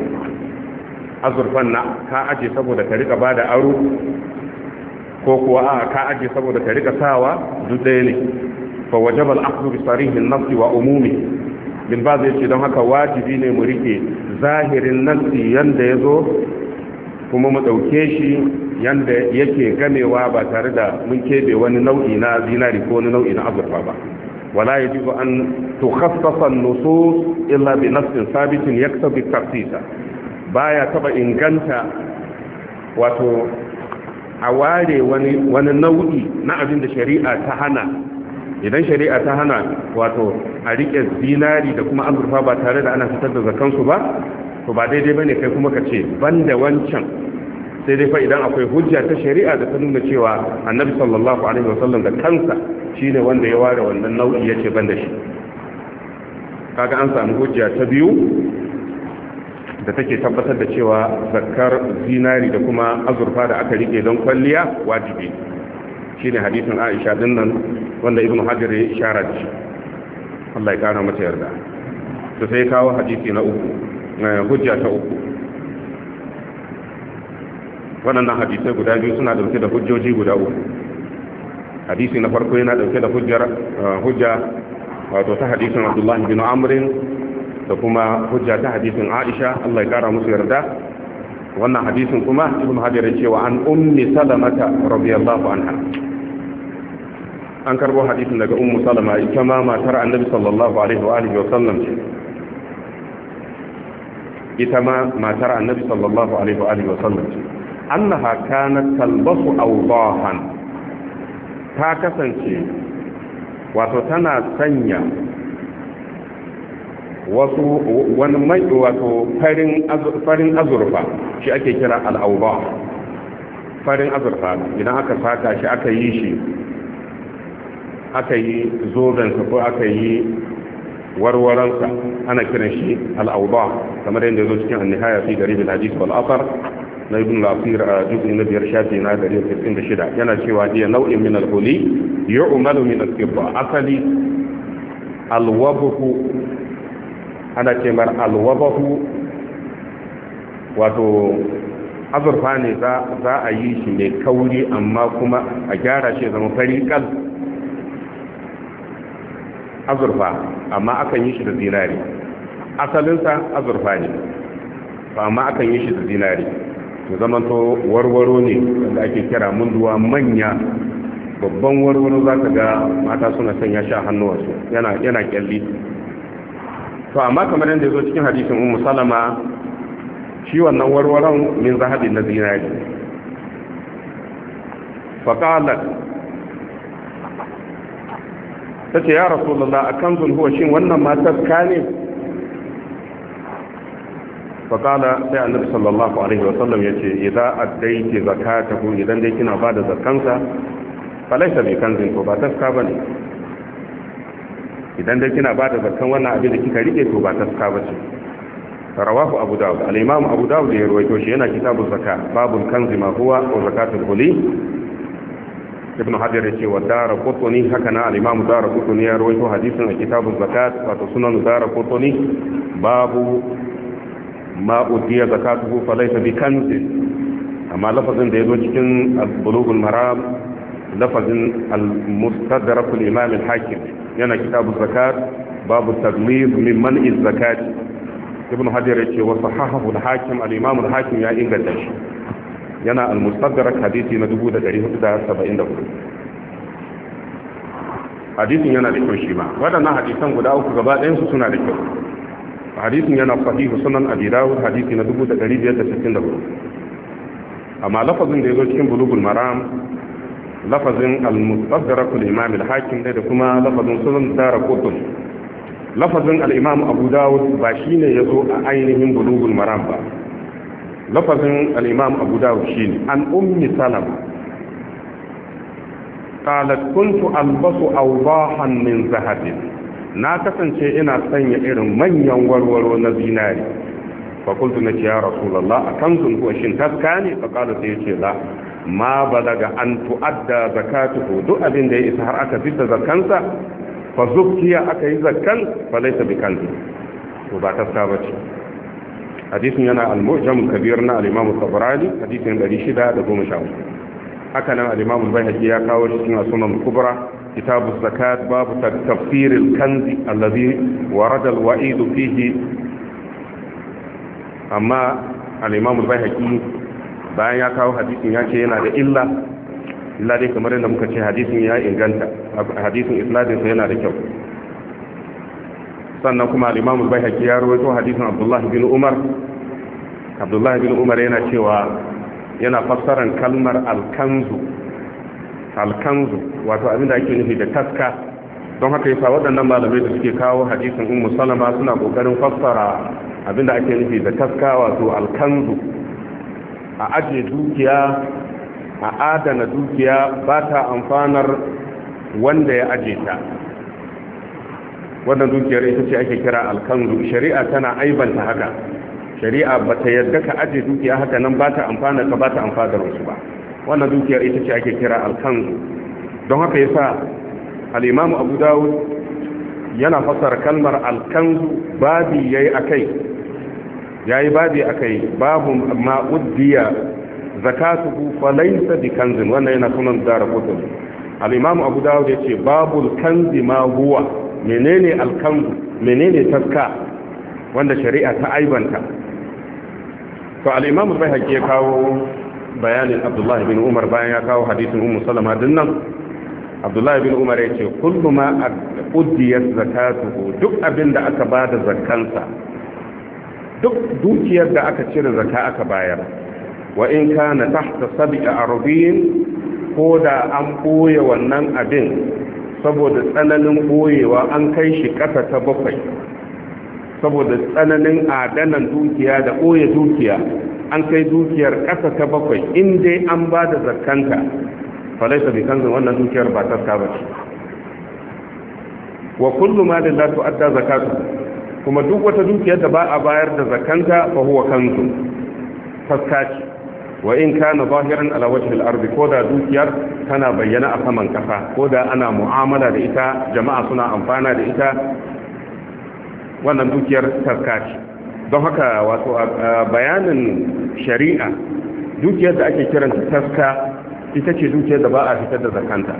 azurfan na ka aje saboda ka rika bada aro ko kuwa a ka aje saboda ka rika sawa duk ɗaya ne fa wajaba al-akhdhu bi sarihin nafsi wa umumi bin ba zai ce don haka wajibi ne mu rike zahirin nafsi yanda yazo kuma mu dauke shi yanda yake gamewa ba tare da mun kebe wani nau'i na zinari ko wani nau'i na azurfa ba wala yajibu an tukhassasa an-nusus illa bi nafsin sabitin yaktabi tafsisa baya taba inganta wato a ware wani wani nau'i na abin da shari'a ta hana idan shari'a ta hana wato a rike zinari da kuma azurfa ba tare da ana fitar da zakansu ba to ba daidai bane kai kuma ka ce banda wancan sai dai fa idan akwai hujja ta shari'a da ta nuna cewa annabi sallallahu alaihi wasallam da kansa shine wanda ya ware wannan nau'i yace ban da shi kaga an samu hujja ta biyu da take tabbatar da cewa zakkar zinari da kuma azurfa da aka rike don kwalliya wajibi shine hadisin Aisha din nan wanda Ibn Hajar ya isharar shi Allah ya kara mata yarda to sai kawo hadisi na uku eh, hujja ta uku waɗannan hadisai guda biyu suna dauke da hujjoji guda uku hadisi na farko yana dauke da uh, hujja wato ta hadisin abdullahi bin amrin da kuma hujja ta hadisin aisha allah ya kara musu yarda wannan hadisin kuma ibn hajar ya cewa an ummi salamata radiyallahu anha an karbo hadisin daga ummu salama ita ma matar annabi sallallahu alaihi wa alihi wa sallam ce ita ma matar annabi sallallahu alaihi wa alihi wa sallam ce annaha kanat talbasu awdahan ta kasance wato tana sanya wasu wani mai wato farin azurfa shi ake kira al'auba farin azurfa idan aka saka shi aka yi shi aka yi zoben zobensa ko aka yi warwaransa ana kiran shi al'auba kamar yadda zo cikin annihaya fi garibin hadis wal asar na ibn lafir a jubi na biyar shafi na dari sittin da shida yana cewa iya nau'in min alhuli yi umaru min alfibba asali alwabahu ana ce mar alwabahu wato azurfa ne za a yi shi mai kauri amma kuma a gyara shi zama fari kal azurfa amma akan yi shi da zinari asalinsa azurfa ne amma akan yi shi da zinari su zamanto warwaro ne wanda ake kira munduwa manya babban warwaro za ka ga mata suna sanya sha hannuwarsu yana kyalli to amma kamar yadda ya zo cikin hadisin umu salama shi wannan warwaron min haɗin na zinari faƙalar ta ce ya rasu lalla a kan zulhuwa shi wannan matar ka ne fakala sai annabi sallallahu alaihi wa sallam yace idza addaiti zakatahu idan dai kina bada zakansa falaisa bi kanzin to ba taska bane idan dai kina bada zakan wannan abin da kika rike to ba taska bace rawahu abu dawud al-imam abu dawud ya rawaito shi yana kitabu zakat babul kanzi ma huwa wa zakatul huli ibn hajar yace wa dara qutni haka na al-imam dara qutni ya rawaito hadisin a kitabuz zakat wato sunan dara qutni babu ma utiya zakatuhu falaysa bi kanzin amma lafazin da yazo cikin al-bulughul maram lafazin al-mustadrak al-imam al-hakim yana kitabu zakat babu taglib min man'i zakat ibn hajar yace wa sahahahu al-hakim al-imam al-hakim ya inganta shi yana al-mustadrak hadisi na 1474 hadisin yana da kyau shi ma waɗannan hadisan guda uku gaba ɗayan su suna da kyau hadisin yana sahihu sunan abi dawud hadisi na 1564 amma lafazin da yazo cikin bulugul maram lafazin al-mustadrak al-imam al-hakim da kuma lafazin sunan daraqutun lafazin al-imam abu dawud ba shine yazo a ainihin bulugul maram ba lafazin al-imam abu dawud shine an ummi salam قالت كنت ألبس أوضاحا من ذهب na kasance ina sanya irin manyan warwaro na zinari fakultu na ciya rasulallah a kanzun kuwa shi taska ne fakada sai ce la ma balaga an tu'adda zakatu duk abin da ya isa har aka fita zakansa fa zubkiya aka yi zakkan fa laysa bi kanzu to ba taska bace hadisin yana al-mu'jam kabir na al-imam al-tabrani hadisin 613 haka nan al-imam al-bayhaqi ya kawo shi cikin as-sunan kubra كتاب الزكاة باب تفسير الكنز الذي ورد الوعيد فيه أما الإمام البيهقي bayan ya kawo hadisin ya ce yana da illa illa dai kamar yadda muka ce hadisin ya inganta hadisin isnadinsa yana da kyau sannan kuma al bai al-baihaqi ya rawaito hadisin Abdullahi bin umar Abdullahi bin umar yana cewa yana fassaran kalmar al alkanzu wato abinda ake nufi da taska don haka yasa waɗannan malamai da suke kawo hadisin ummu salama suna kokarin fassara abinda ake nufi da taska wato alkanzu a ajiye dukiya a adana dukiya ba ta amfanar wanda ya aje ta wannan dukiyar ita ce ake kira alkanzu shari'a tana aibanta haka shari'a ba ta yadda ka aje dukiya haka nan ba ta amfana ka ba ta da wasu ba wannan dukiyar ita ce ake kira alkanzu don haka yasa al-imamu abu dawud yana fasar kalmar alkanzu babi yayi akai yayi babi akai babu ma uddiya zakatuhu bi bikanzin wannan yana sunan kutub al-imamu abu dawud yace babul kanzi ma huwa menene alkanzu menene taska wanda shari'a ta aibanta to al-imamu bai hakiya kawo bayanin abdullahi bin umar bayan ya kawo hadisin umar salama dinnan abdullahi bin umar ya ce kullu ma uddiyat zakatuhu duk abin da aka bada zakkansa duk dukiyar da aka cire zaka aka bayar wa in kana tahta a arbin ko da an boye wannan abin saboda tsananin ɓoyewa an kai shi ƙasa ta bakwai saboda tsananin adanan dukiya da ɓoye dukiya an kai dukiyar ƙasa ta bakwai in dai an ba da zakkanka falaisa bi kanzan wannan dukiyar ba ta ba ce wa kullu malin la adda zakatu kuma duk wata dukiyar da ba a bayar da zakanta fa huwa kanzu faskaci wa in kana zahiran ala wajhi al-ardi ko da dukiyar tana bayyana a saman kasa ko da ana mu'amala da ita jama'a suna amfana da ita wannan dukiyar sarka ce don haka wato bayanin shari'a dukiyar da ake kiranta taska ita ce dukiyar da ba a fitar da zakanta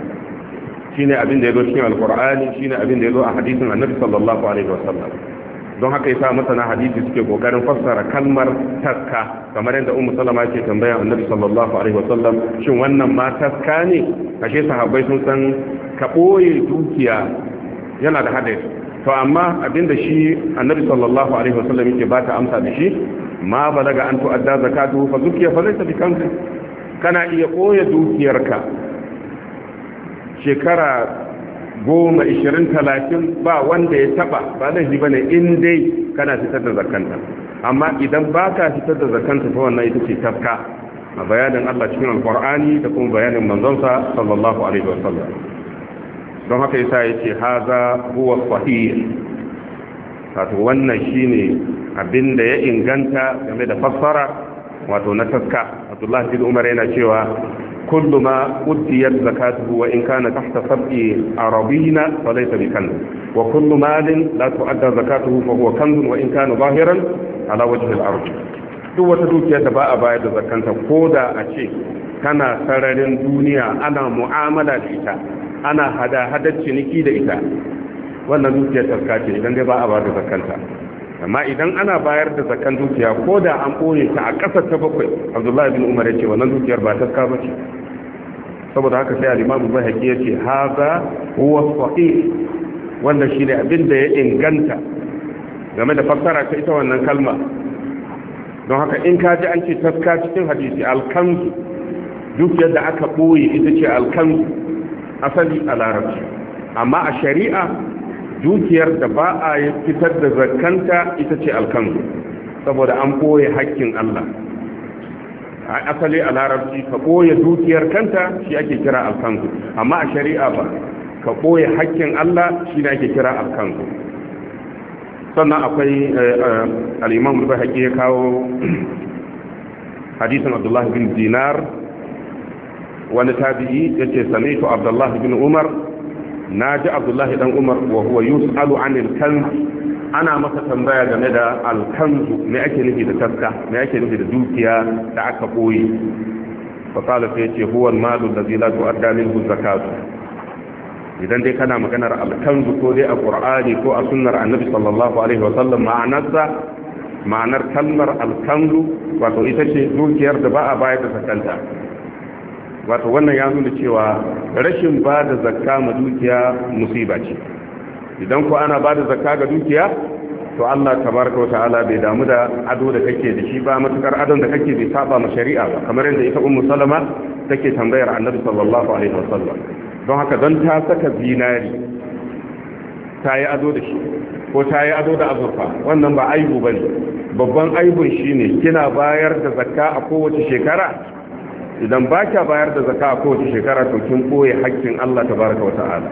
shine abin da ya zo cikin alkur'ani shine abin da ya zo a hadisin annabi sallallahu alaihi wasallam don haka yasa masana hadisi suke kokarin fassara kalmar taska kamar yadda ummu salama ke tambaya annabi sallallahu alaihi wasallam shin wannan ma taska ne kashe sahabbai sun san ka boye dukiya yana da hadari to amma abinda shi annabi sallallahu alaihi wasallam yake ba ta amsa da shi ma balaga an tu'adda zakatu fa zukiya fa laysa bi kanzi kana iya koya dukiyarka shekara goma ishirin talatin ba wanda ya taba ba laifi bane in dai kana fitar da zakanta amma idan ba ka fitar da zakanta ta wannan ita ce tafka a bayanin Allah cikin alqur'ani da kuma bayanin manzonsa sallallahu alaihi wasallam don haka yasa yace haza huwa sahih wato wannan shine abin da ya inganta game da fassara wato na taska Abdullah bin Umar yana cewa kullu ma udiyat zakatuhu wa in kana tahta sab'i arabina falaysa bi kanz wa kullu malin la tu'adda zakatuhu fa huwa kanz wa in kana zahiran ala wajhi al-ard duk wata dukiya da ba a bayar da zakanta ko da a ce kana sararin duniya ana mu'amala da ita ana hada hadar ciniki da ita wannan dukiyar tarka ce idan dai ba a ba da zakanta amma idan ana bayar da zakan dukiya ko da an ɓoye ta a ƙasar ta bakwai abdullahi bin umar ya ce wannan dukiyar ba ta ba ce saboda haka sai alimamu bahaki ya ce haza huwa sahih wannan shine abin da ya inganta game da fassara ta ita wannan kalma don haka in ka ji an ce taska cikin hadisi alkanzu dukiyar da aka ɓoye ita ce alkanzu asali a larabci amma a shari'a dukiyar da ba a fitar da zakanta ita ce alkanzu saboda an ɓoye haƙƙin Allah a asali a larabci ka ɓoye dukiyar kanta shi ake kira alkanzu amma a shari'a ba ka ɓoye haƙƙin Allah shi ne ake kira alkanzu sannan akwai eh, eh, al'imam bai haƙƙi ya kawo hadisin abdullahi bin dinar wani tabi'i ya ce sami'tu abdullahi bin umar na ji abdullahi dan umar wa huwa yus'alu anil kanz ana masa tambaya game da alkanzu me ake nufi da taska me ake nufi da dukiya da aka koyi fa qala fa yace huwa al-malu alladhi la tu'adda minhu zakatu idan dai kana maganar alkanzu ko dai a qur'ani ko a sunnar annabi sallallahu alaihi wa sallam ma'anarsa ma'anar kalmar alkanzu wato ita ce dukiyar da ba a bayar da zakanta wato wannan ya nuna cewa rashin ba da zakka ma dukiya musiba ce idan ku ana ba da zakka ga dukiya to Allah tabaraka wata'ala bai damu da ado da kake da shi ba matukar adon da kake bai saba ma shari'a ba kamar yadda ita ummu salama take tambayar annabi sallallahu alaihi wasallam don haka don ta saka zinari ta yi ado da shi ko ta yi ado da azurfa wannan ba aibu bane babban aibun shine kina bayar da zakka a kowace shekara idan ba kya bayar da zaka a kowace shekara to kin koye haƙƙin Allah tabaraka wa ta'ala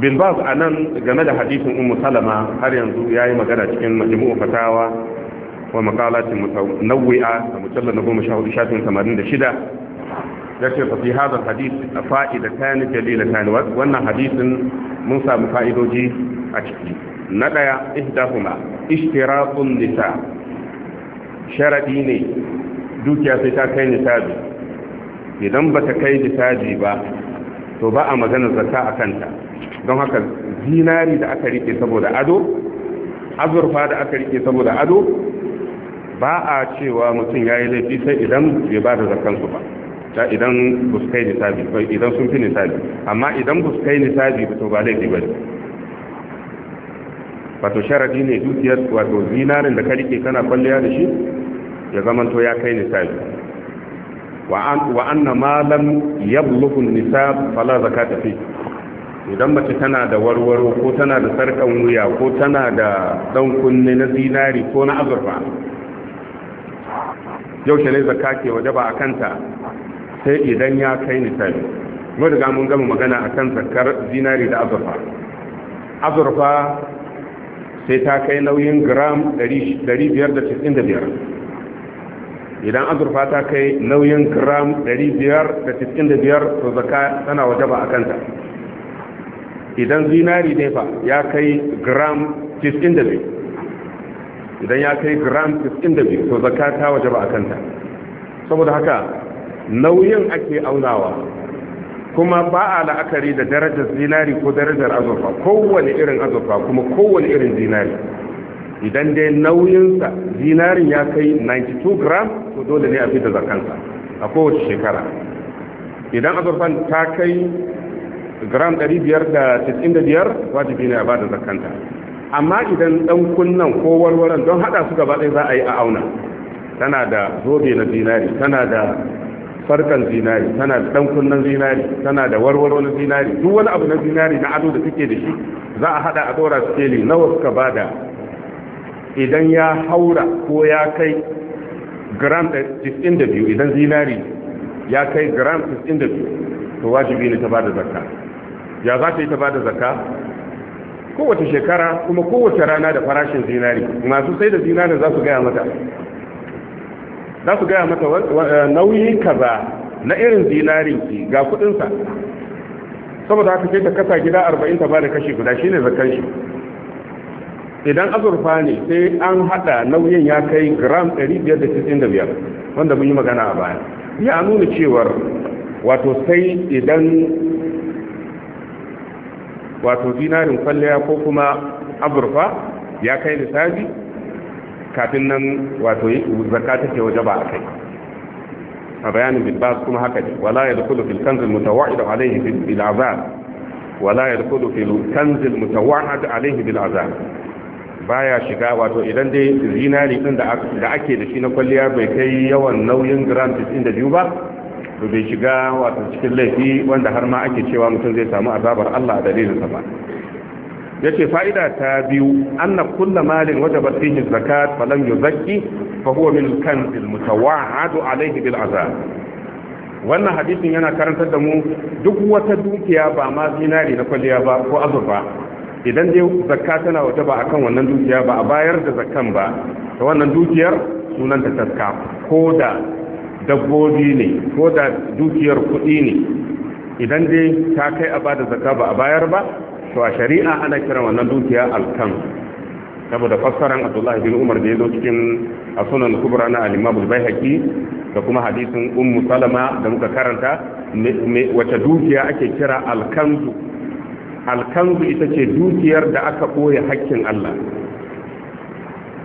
bin a nan game da hadisin ummu salama har yanzu ya yi magana cikin majmu'u fatawa wa maqalatin mutanawwi'a da mujallal na goma sha hudu shafin tamanin da shida ya ce fa fi hadha hadith fa'idatan jalilatan wannan hadisin mun samu fa'idoji a ciki na daya ihdahuma ishtiratun nisa sharadi ne dukiya sai ta kai nisabi idan ba ta kai nisabi ba to ba a magana zaka a kanta don haka zinari da aka rike saboda ado azurfa da aka rike saboda ado ba a cewa mutum ya yi laifi sai idan bai ba da zakansu ba ta idan buskai nisabi ba idan sun fi nisabi amma idan buskai nisabi ba to ba laifi ba wato sharadi ne dukiyar wato zinarin da ka rike kana kwalliya da shi ya zamanto ya kai nisabi wa anna ma lam yablughu nisab fala zakata fi idan mace tana da warwaro ko tana da sarkan wuya ko tana da dan kunne na zinari ko na azurfa Yau, yaushe ne Zaka ke ba a kanta sai idan ya kai nisabi mun riga mun gama magana akan zakkar zinari da azurfa azurfa sai ta kai nauyin gram 595 idan azurfa ta kai nauyin gram 595 to zaka tana wajaba a kanta idan zinari ne fa ya kai gram 92 idan ya kai gram 92 to zaka ta wajaba a kanta saboda haka nauyin ake aunawa kuma ba a la'akari da darajar zinari ko darajar azurfa kowane irin azurfa kuma kowane irin zinari idan dai nauyinsa zinarin ya kai 92 gram to dole ne a fi da zakansa a kowace shekara idan azurfan ta kai gram 595 wajibi ne a ba da zakanta amma idan dan kunnan ko warwaran don hada su gaba ɗaya za a yi a auna tana da zobe na zinari tana da farkan zinari tana da dan kunnan zinari tana da warwaro na zinari duk wani abu na zinari na ado da suke da shi za a hada a dora skeli nawa suka bada idan ya haura ko ya kai gram 92 idan zinari ya kai gram 92 to wajibi ne ta ba da zakka ya za ta yi ta ba da zakka kowace shekara kuma kowace rana da farashin zinari masu sai da zinari za su gaya mata za su gaya mata nauyin kaza na irin zinari ki ga kudinsa saboda haka sai ta kasa gida 40 ta ba da kashi guda shine zakkan shi idan azurfa ne sai an hada nauyin ya kai gram 595 wanda mun yi magana a baya ya nuna cewar wato sai idan wato dinarin kwalliya ko kuma azurfa ya kai lissafi kafin nan wato zakka take waje ba a kai a bayanin bilbas kuma haka ne wala ya dukulu fil kanzil mutawa'id alayhi bil azab wala ya dukulu fil kanzil mutawa'id alayhi bil baya shiga wato idan dai zinari din da ake da shi na kwalliya bai kai yawan nauyin da biyu ba to bai shiga wato cikin laifi wanda har ma ake cewa mutum zai samu azabar Allah a dalilin sa ba yace fa'ida ta biyu anna kullu malin wajaba fihi zakat falam yuzakki fa huwa min kanz almutawa'ad alayhi bil azab wannan hadisin yana karantar da mu duk wata dukiya ba ma zinari na kwalliya ba ko azurfa idan dai zakka tana wata ba akan wannan dukiya ba a bayar da zakkan ba ta wannan dukiyar sunan ta ko da dabbobi ne ko da dukiyar kuɗi ne idan dai ta kai a bada da zakka ba a bayar ba to a shari'a ana kiran wannan dukiya alkan saboda fassaran Abdullahi bin umar da ya zo cikin a sunan kubra na alimabul baihaqi da kuma hadisin ummu salama da muka karanta wace dukiya ake kira alkanzu alkanzu ita ce dukiyar da aka ɓoye hakkin Allah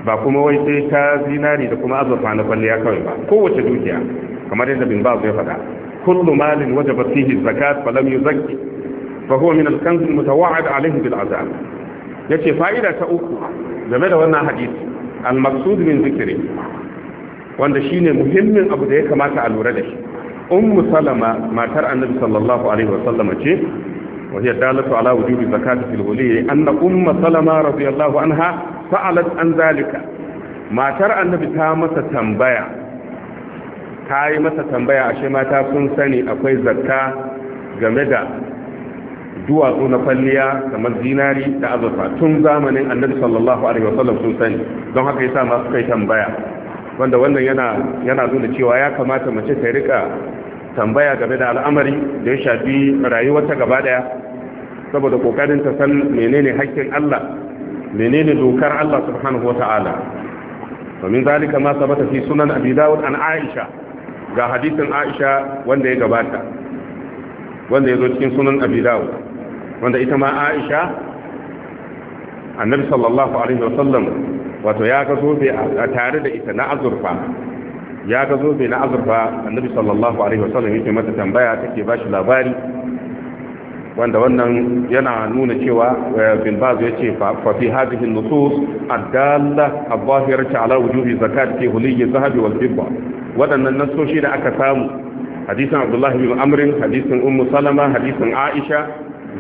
ba kuma wai sai ta zinari da kuma azurfa na kwalliya kawai ba kowace dukiya kamar yadda bin bazu ya faɗa kullu malin wajaba fihi zakat fa lam yuzakki fa huwa min al-kanz al-mutawa'ad alayhi bil azab yace fa'ida ta uku game da wannan hadisi al-maqsud min zikri wanda shine muhimmin abu da ya kamata a lura da shi ummu salama matar annabi sallallahu alaihi wa sallama ce وهي دالة على وجوب زكاة في الولي أن أم سلمة رضي الله عنها فعلت عن ذلك ما ترى النبي تامة تنبيع تايمة تنبيع أشي ما تكون سني أكوي زكاة جمدة duwatsu na kwalliya kamar zinari da azurfa tun zamanin annabi sallallahu alaihi wasallam sun sani don haka yasa ma suka tambaya wanda wannan yana yana nuna cewa ya kamata mace ta rika tambaya game da al'amari da ya shafi rayuwarta gaba daya saboda kokarin ta san menene haƙƙin Allah menene dokar Allah subhanahu wata'ala domin zalika ma sabata fi sunan abi dawud an aisha ga hadisin aisha wanda ya gabata wanda ya zo cikin sunan abi dawud wanda ita ma aisha annabi sallallahu alaihi wasallam wato ya ga zobe a tare da ita na azurfa ya ga zobe na azurfa annabi sallallahu alaihi wasallam yake mata tambaya take ba shi labari wanda wannan yana nuna cewa eh, bin baz ya ce fa fi hadhihi nusus adalla adh-dhahirati ala wujubi zakat ke huliy zahabi wal waɗannan nasoshin nasoshi da aka samu hadisin abdullahi bin amr hadisin ummu salama hadisin aisha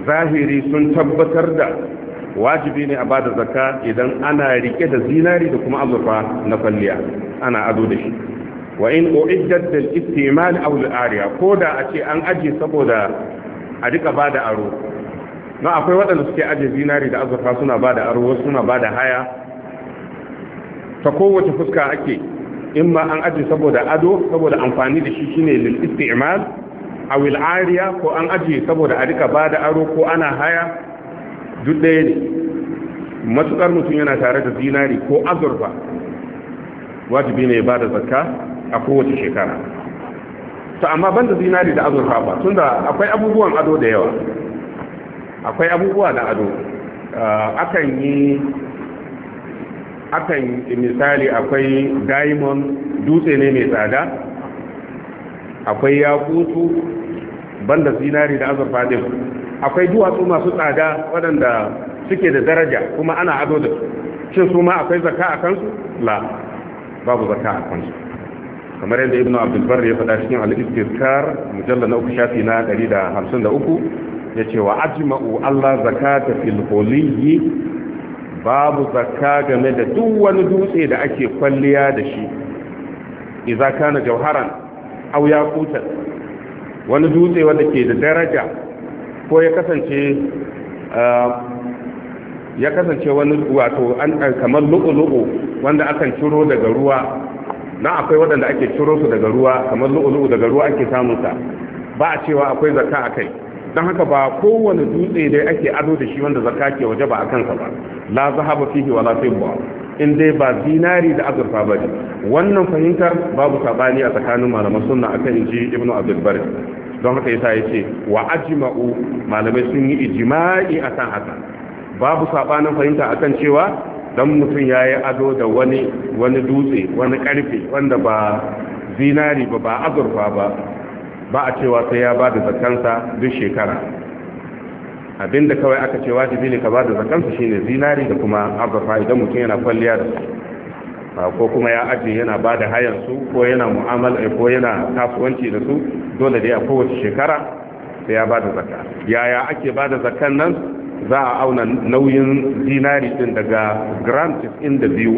zahiri sun tabbatar da wajibi ne a bada zakka idan ana rike da zinari da kuma azurfa na kwalliya. ana ado da shi wa in uiddat lil istimal aw da ariya da a ce an aje saboda a duka ba da aro na akwai waɗanda suke ajiye zinari da azurfa suna ba da aro wasu suna ba da haya ta kowace fuska ake in ma an ajiye saboda ado saboda amfani da shi shine lil isti'mal aw al ariya ko an ajiye saboda a duka ba da aro ko ana haya duk ɗaya ne matukar mutum yana tare da zinari ko azurfa wajibi ne ya ba da zakka a kowace shekara to amma banda zinari da azurfa ba tunda akwai abubuwan ado da yawa akwai abubuwa na ado ah, akan yi akan misali akwai diamond dutse ne mai tsada akwai yakutu banda zinari da azurfa din akwai duwatsu masu tsada waɗanda suke da daraja kuma ana ado da su shin su ma akwai zakka a kansu la babu zakka a kansu kamar yadda ibnu abdul barr ya faɗa cikin al-istizkar mujallal na uku shafi na 153 yace wa ajma'u Allah zakata fil huliyyi babu zakka game da duk wani dutse da ake kwalliya da shi idza kana jawharan aw yaqutan wani dutse wanda ke da daraja ko ya kasance uh, ya kasance wani wato an kamar lu'u-lu'u wanda akan ciro daga ruwa na akwai waɗanda ake ciro su daga ruwa kamar lu'ulu'u daga ruwa ake samun sa ba a cewa akwai zakka a kai don haka ba kowane dutse dai ake ado da shi wanda zakka ke waje ba a kansa ba la zahaba fihi wala fibba in dai ba zinari da azurfa ba ne wannan fahimtar babu sabani a tsakanin malaman sunna akan inji ibnu abdul bari don haka yasa yace wa ajma'u malamai sun yi ijma'i akan haka babu sabanin fahimta akan cewa dan mutum ya yi ado da wani wani dutse wani karfe wanda ba zinari ba ba azurfa ba ba a cewa sai ya ba da zakansa duk shekara abinda kawai aka ce wajibi ne ka ba da zakansa shine zinari da kuma azurfa idan mutum yana kwalliya da su ko kuma ya aji yana ba da hayan su ko yana mu'amala ko yana kasuwanci da su dole dai a kowace shekara sai ya ba da zakka yaya ake ba da zakkan nan za a auna nauyin dinari din daga gram da biyu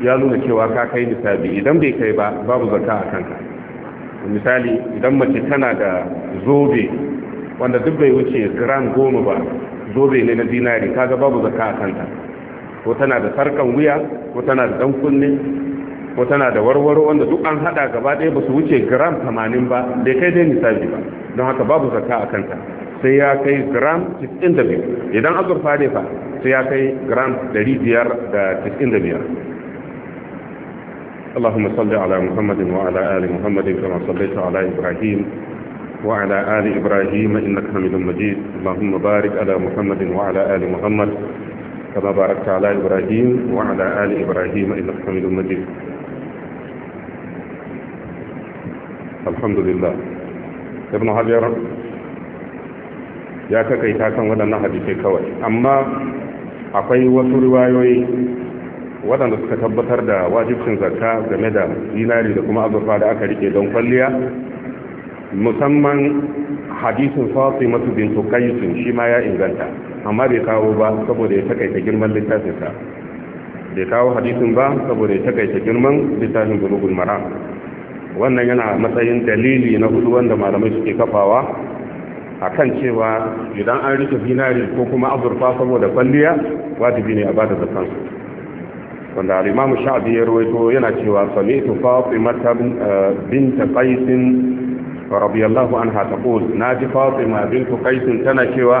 ya nuna cewa ka kai misali idan bai kai ba babu zaka a kanka misali idan mace tana da zobe wanda duk bai wuce gram goma ba zobe ne na dinari kaga babu zaka a kanta ko tana da sarkan wuya ko tana da dan kunne ko tana da warwaro wanda duk an hada gaba ɗaya ba su wuce gram tamanin ba da kai dai ba don haka babu zakka a kanta sai ya kai gram 95 idan azur fare fa sai ya kai gram 595 اللهم صل على محمد وعلى آل محمد كما صليت على إبراهيم وعلى آل إبراهيم إنك حميد مجيد اللهم بارك على محمد وعلى آل محمد كما باركت على إبراهيم وعلى آل إبراهيم إنك حميد مجيد alhamdulillah ibn hajar ya takaita kan waɗannan hadisai kawai amma akwai wasu riwayoyi waɗanda suka tabbatar da wajibcin zakka game da zinari da kuma azurfa da aka rike don kwalliya musamman hadisin fasi masu bin tukaisin shi ma ya inganta amma bai kawo ba saboda ya takaita girman littafinsa bai kawo hadisin ba saboda ya takaita girman littafin bulugun mara wannan yana matsayin dalili na hudu wanda malamai suke kafawa a kan cewa idan an rike zinari ko kuma azurfa saboda kwalliya wajibi ne a bada zakan su wanda alimamu imamu sha'bi ya rawaito yana cewa sami'tu fatima eh, bint qais radiyallahu anha taqul naji fatima bint qais tana cewa a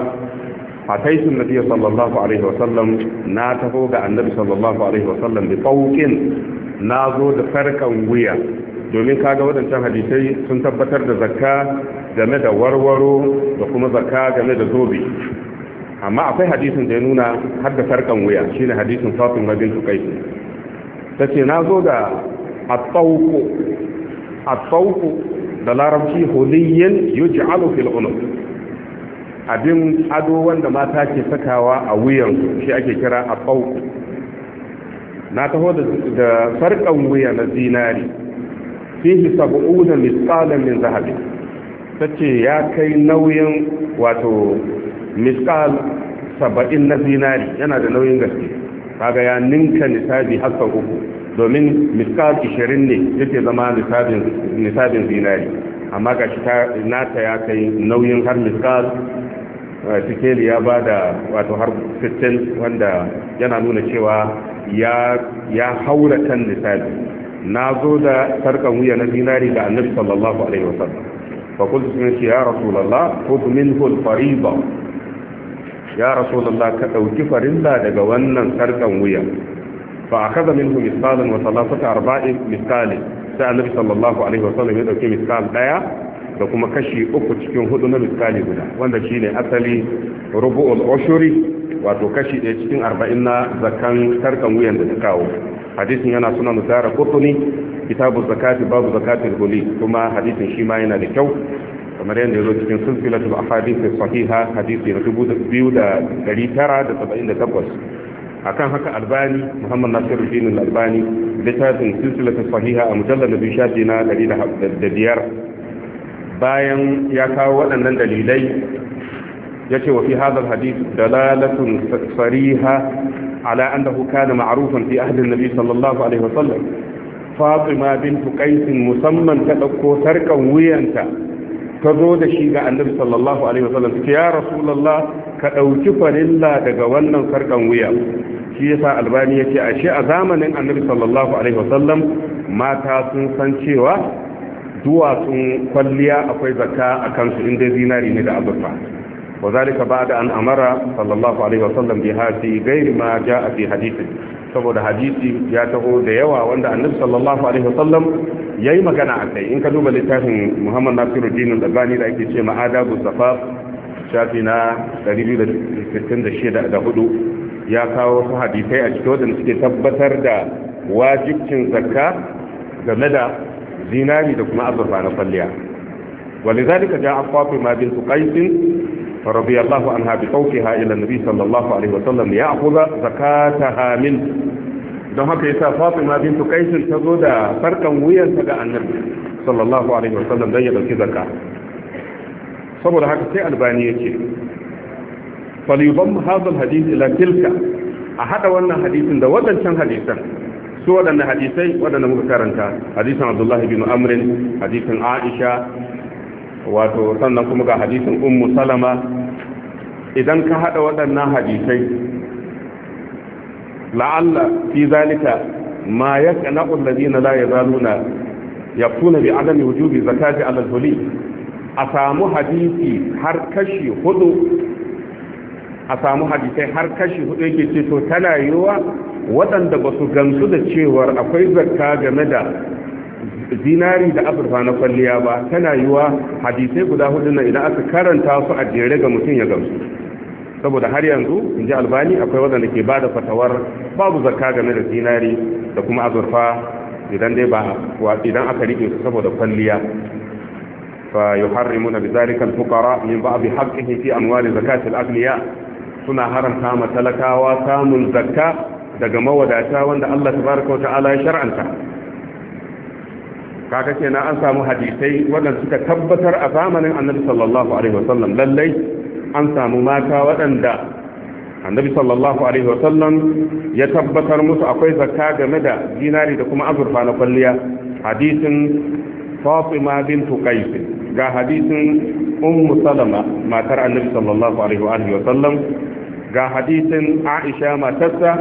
na biya أتيت النبي صلى الله عليه وسلم ناتفو النبي صلى الله عليه Na zo da دفركا wuya. domin kaga waɗancan hadisai sun tabbatar da zakka game da warwaro da kuma zakka game da zobe amma akwai hadisin da ya nuna har da farkan wuya shine hadisin fatin rabin tukai ta ce na zo da tawqu da larabci huliyyan yuj'alu fil unuq abin ado wanda mata ke sakawa a wuyan shi ake kira at-tawqu na taho da farkan wuya na zinari fihi sab'una misqalan min zahabin tace ya kai nauyin wato misqal saba'in na zinari yana da nauyin gaske kaga ya ninka nisabi hakan uku domin misqal 20 ne yake zama nisabin nisabin zinari amma ga shi nata ya kai nauyin har misqal eh, sikeli ya ba da wato har 15 wanda yana nuna cewa ya haura kan nisabi na zo da sarkan wuya na dinari ga annabi sallallahu alaihi wasallam fa qultu min ya rasulullah khudh minhu al-fariida ya rasulullah ka dauki farilla daga wannan sarkan wuya fa akhadha minhu misqalan wa thalathata arba'in misqalin sai annabi sallallahu alaihi wa sallam ya dauki misqal daya da kuma kashi uku cikin hudu na misali guda wanda shine asali rubu'ul ushuri wato kashi ɗaya cikin arba'in na zakan sarkan wuyan da ta kawo hadisin yana suna musara kurkuni kitabun zakati babu zakatin huli kuma hadisin shi ma yana da kyau kamar yadda ya zo cikin silsilatul ahadith sahiha hadisi na A kan haka albani muhammad nasiru dinin albani littafin silsilata sahiha a mujallar biyu shafi na ɗari da biyar bayan ya kawo waɗannan dalilai ya ce wa fi hadar hadis dalalatun sariha ala annahu kana ma'rufan fi ahli annabi sallallahu alaihi wasallam fatima bint qais musamman ta ɗauko sarkar wuyanta ta zo da shi ga annabi sallallahu alaihi wasallam ta ya rasulullah ka dauki farilla daga wannan sarkar wuya shi yasa albani yace ashe a zamanin annabi sallallahu alaihi wasallam mata sun san cewa duwatsun kwalliya akwai zakka a kansu inda zinari ne da azurfa وذلك بعد أن أمر صلى الله عليه وسلم بها في غير ما جاء في حديثه saboda hadisi ya taho da yawa wanda annabi sallallahu alaihi wasallam yayi magana akai in ka duba littafin Muhammad Nasiruddin Al-Albani da ake ce ma'adabu safaf shafi na 266 da hudu ya kawo wasu hadisai a cikin wadanda suke tabbatar da wajibcin zakka game da zinari da kuma azurfa na kwalliya ولذلك جاء فاطمة بنت قيس رضي الله عنها بقوتها إلى النبي صلى الله عليه وسلم ليأخذ زكاتها منه don haka yasa Fatima bintu Qais ta zo da farkan wuyanta ga Annabi sallallahu alaihi wasallam dan ya dauki zakka saboda haka sai albani yake falyubam hadha alhadith ila tilka a hada wannan hadisin da wadancan hadisan su wadannan hadisai wadanda muka karanta hadisin Abdullah bin Amr hadisin Aisha wato sannan kuma ga hadisin ummu salama idan ka hada waɗannan hadisai la'alla fi zalika ma yaqna'u alladhina la yazaluna yaqtuna bi adami wujubi zakati ala al-huli a samu hadisi har kashi hudu a samu hadisai har kashi hudu yake ce to tana yiwa waɗanda ba su gamsu da cewar akwai zakka game da zinari da azurfa na kwalliya ba tana yiwa hadisai guda hudu na idan aka karanta su a jere ga mutum ya gamsu saboda har yanzu in ji albani akwai wadanda ke ba da fatawar babu zakka game da zinari da kuma azurfa idan dai ba idan aka rike su saboda kwalliya fa yuharrimuna bidhalika al-fuqara min ba'd haqqihi fi anwar zakati al-aghniya suna haramta ma talakawa samun zakka daga mawadata wanda Allah tabaaraka wa ta'ala ya shar'anta Kaka ke na an samu hadisai waɗanda suka tabbatar a zamanin annabi sallallahu alaihi wa sallam lallai an samu mata waɗanda annabi sallallahu alaihi wa sallam ya tabbatar musu akwai zakka game da zinari da kuma azurfa na kwalliya hadisin fatima bin qais ga hadisin ummu salama matar annabi sallallahu alaihi wa sallam ga hadisin aisha matarsa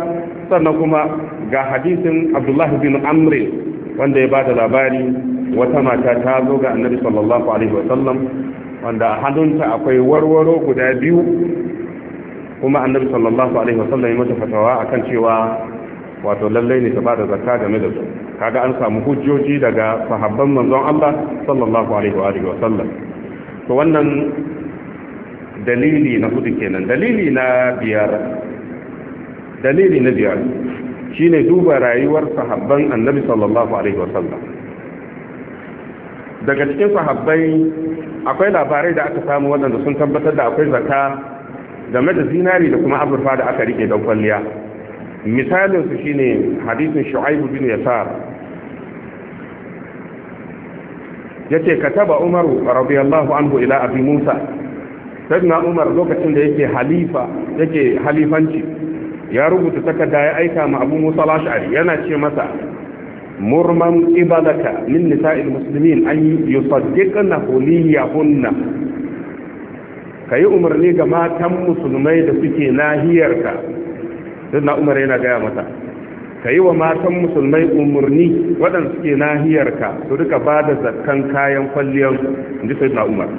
sannan kuma ga hadisin abdullahi bin amri. wanda ya ba da labari wata mata ta zo ga annabi sallallahu alaihi wasallam wanda a hannunta akwai warwaro guda biyu kuma annabi sallallahu alaihi wasallam ya mata fatawa akan cewa wato lallai ne ta ba da zakka game da su kaga an samu hujjoji daga sahabban manzon Allah sallallahu alaihi wa sallam. wasallam to wannan dalili na hudu kenan dalili na biyar dalili na biyar shine duba rayuwar sahabban annabi sallallahu alaihi wasallam daga cikin sahabbai akwai labarai da aka samu waɗanda sun tabbatar da akwai zaka game da zinari da kuma azurfa da aka rike don kwalliya misalin su shine hadisin shu'aibu bin yasar yace kataba umar radiyallahu anhu ila abi musa sayyidina umar lokacin da yake halifa yake halifanci ya rubuta takarda ya aika ma abu musa lashari yana ce masa murman ibadaka min nisa'il muslimin an yusaddiqna huliyahunna kayi umarni ga matan musulmai da suke nahiyarka na umar yana gaya mata ka yi wa matan musulmai umarni waɗanda suke nahiyarka su duka ba da zakkan kayan kwalliyar inji sai na umar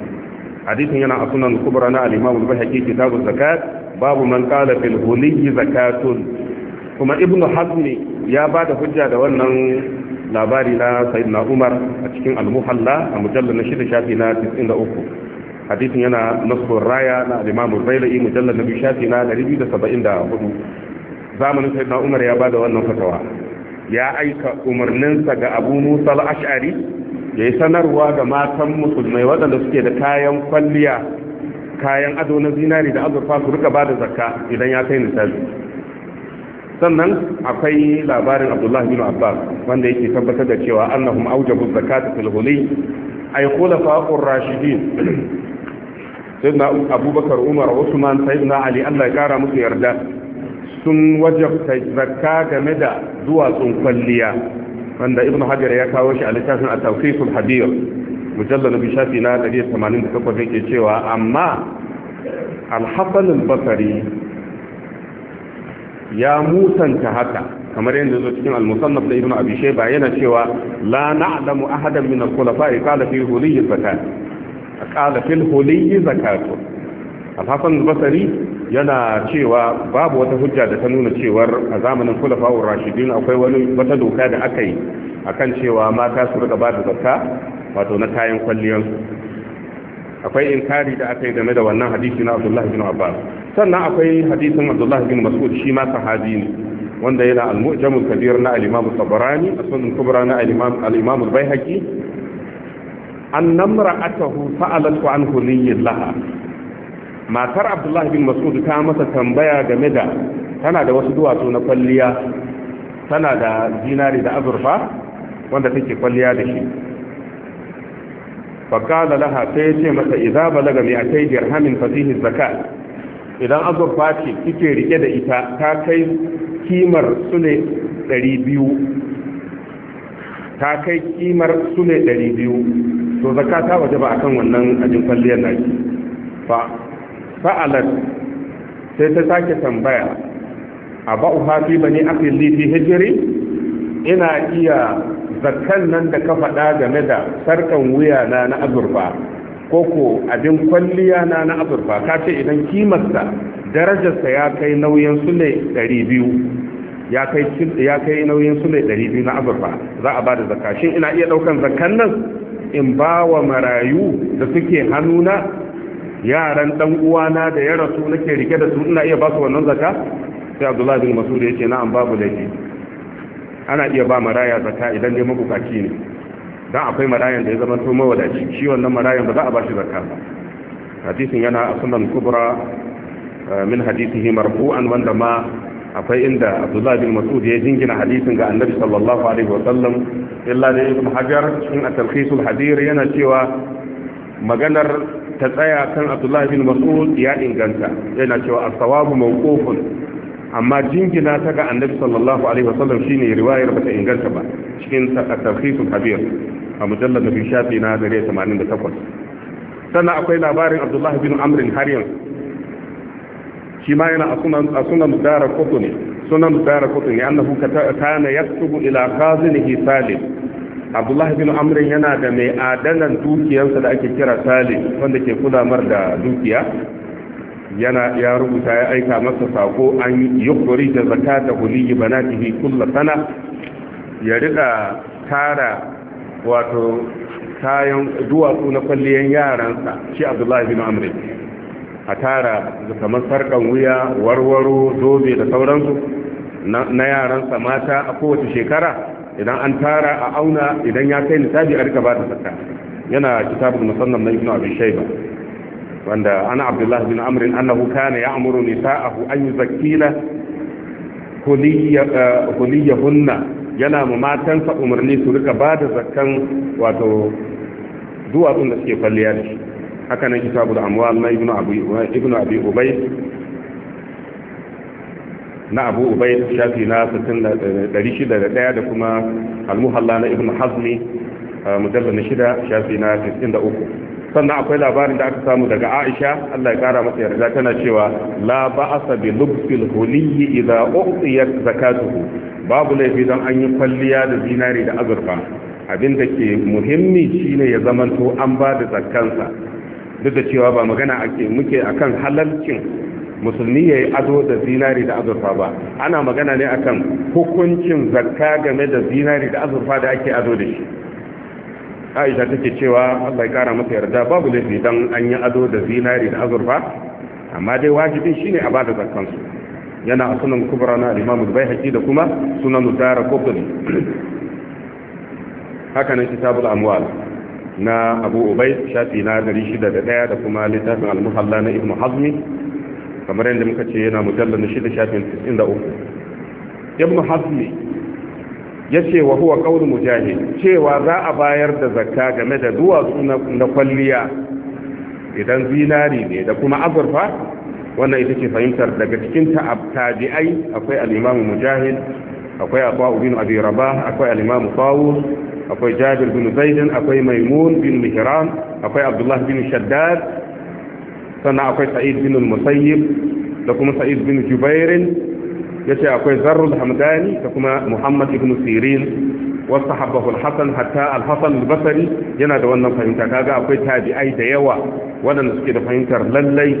hadisin yana a sunan kubra na al-imam al-bahaqi kitabuz zakat babu man qala fil huliy zakatun kuma ibnu hazmi ya ba da hujja da wannan labari na sayyidina umar a cikin al-muhalla a mujallal na shida shafi na 93 hadisin yana nasbur raya na al-imam al mujallar mujallal biyu shafi na 274 zamanin sayyidina umar ya ba da wannan fatawa ya aika umarninsa ga abu musa al-ash'ari ya yi sanarwa ga matan musulmai waɗanda suke da kayan kwalliya kayan ado na zinari da azurfa su rika ba da zakka idan ya kai nisabi sannan akwai labarin abdullahi bin abbas wanda yake tabbatar da cewa annahum aujabu zakata fil huli ay khulafa'ur rashidin sayyidina abubakar umar usman sayyidina ali Allah ya kara musu yarda sun wajabta zakka game da duwatsun kwalliya wanda ibnu hajar ya kawo shi a littafin at-tawfiqul hadir mujallar nabi shafi na 188 yake cewa amma alhassan basari ya musanta haka kamar yadda zo cikin al-musannaf da ibnu abi shayba yana cewa la na'lamu ahadan min al-khulafa'i qala fi huliyyi zakat qala fi huliyyi zakatu al al-basri yana cewa babu wata hujja da ta nuna cewar a zamanin khulafa'ur rashidin akwai wani wata doka da aka yi akan cewa mata su riga ba da zakka wato na kayan kwalliyar akwai inkari da aka yi game da wannan hadisi na abdullahi bin abbas sannan akwai hadisin abdullahi bin mas'ud shi ma sahabi ne wanda yana al-mu'jamul kabir na al-imam tabarani kubra na al-imam al-imam al-baihaqi annam ra'atahu sa'alatu an matar abdullahi bin mas'ud ta masa tambaya game da tana da wasu duwatsu na kwalliya tana da zinari da azurfa wanda take kwalliya da shi فقال لها sai ya ce بلغ idza درهم فيه akai dirhamin fasihi zakat idan azurfa ce kike rike da ita ta kai kimar sule 200 ta kai kimar sule 200 to zakata waje ba akan wannan ajin kwalliyar naki fa fa'alat sai ta sake tambaya a ba'u hafi bani akilli fi hijiri ina iya zakan nan da ka faɗa game da sarkan wuya na na azurfa ko abin kwalliya na na azurfa ka ce idan kimarsa darajarsa ya kai nauyin su ne 200 ya kai ya kai nauyin su ne 200 na azurfa za a bada zakka shin ina iya daukan zakkan nan in ba wa marayu da suke hannuna yaran dan uwana da ya rasu nake rike da su ina iya ba su wannan zakka sai abdullahi bin Mas'ud ya ce na'am babu laifi ana iya ba maraya zaka idan dai mabukaci ne dan akwai marayan da ya zama to mawadaci shi wannan marayan ba za a ba shi zakka ba hadisin yana a sunan kubra eh, min hadisihi marfu'an wanda ma akwai inda Abdullah bin Mas'ud ya jingina hadisin ga Annabi sallallahu alaihi wa sallam illa da Ibn Hajar cikin at-Talkhis hadir yana cewa maganar ta tsaya kan Abdullah bin Mas'ud ya inganta yana cewa as-sawabu mawqufun amma jingina ta ga annabi sallallahu alaihi wasallam shine riwayar bata inganta ba cikin tarhisul habir a mujallad nabi shafi na 188 sannan akwai labarin abdullahi bin amrin har yanzu shi ma yana a sunan dara kutuni sunan dara kutuni annahu kana yaktubu ila qazinihi salim abdullahi bin amrin yana da mai adanan dukiyarsa da ake kira salim wanda ke kudamar da dukiya yana ya rubuta ya aika masa sako an yukuri da zakata huli banatihi kulla sana ya rika tara wato kayan duwatsu na kwalliyan yaransa shi abdullahi bin amri a tara da kamar sarkan wuya warwaro zobe da sauransu na yaransa mata a kowace shekara idan an tara a auna idan ya kai nisabi a rika ba ta yana kitabul musannam na ibnu abi shaiba. wanda ana abdullahi bin amr annahu kana ya'muru nisa'ahu an yuzakkina eh, huliyahunna yana ma matansa umarni su rika ba da zakkan wato duwatsun da suke kwalliya da shi haka nan da amwal na ibnu abu ubai na abu ubai shafi na 601 da kuma almuhalla na ibnu hazmi eh, mujallal na shida shafi na 93 sannan akwai labarin da aka samu daga Aisha Allah ya kara masa yarda tana cewa la ba'asa bi lubsil huliyi idza uqtiyat zakatuhu babu laifi dan an yi kwalliya da zinari da azurfa abin da ke muhimmi shine ya zamanto an ba da zakkansa duk da cewa ba magana ake muke akan halalcin musulmi yayi yi ado da zinari da azurfa ba ana magana ne akan hukuncin zakka game da zinari da azurfa da ake ado da shi aisha take cewa Allah ya kara masa yarda babu laifi dan an yi ado da zinari da azurfa amma dai wajibin shine a bada zakkan su yana a sunan kubra na al-Imam al-Baihaqi da kuma sunan Daraqutni haka nan kitabul amwal na Abu shafi na 601 da kuma littafin al-Muhalla na Ibn Hazmi kamar yadda muka ce yana mujallal na shafin Ibn Hazmi Ya wa huwa qaul mujahid cewa za a bayar da zakka game da duwatsu na kwalliya idan zinari ne da kuma azurfa wannan ita ce fahimtar daga cikin tabi'ai akwai al-imam mujahid akwai abu bin abi rabah akwai al-imam akwai jabir bin zaid akwai maimun bin mihran akwai abdullah bin shaddad sannan akwai sa'id bin musayyib da kuma sa'id bin jubairin ya ce akwai zarrul hamdani da kuma muhammad ibn sirin wasu habbahu hasan hatta al-hasan basari yana da wannan fahimta kaga akwai tabi'ai da yawa waɗanda suke da fahimtar lallai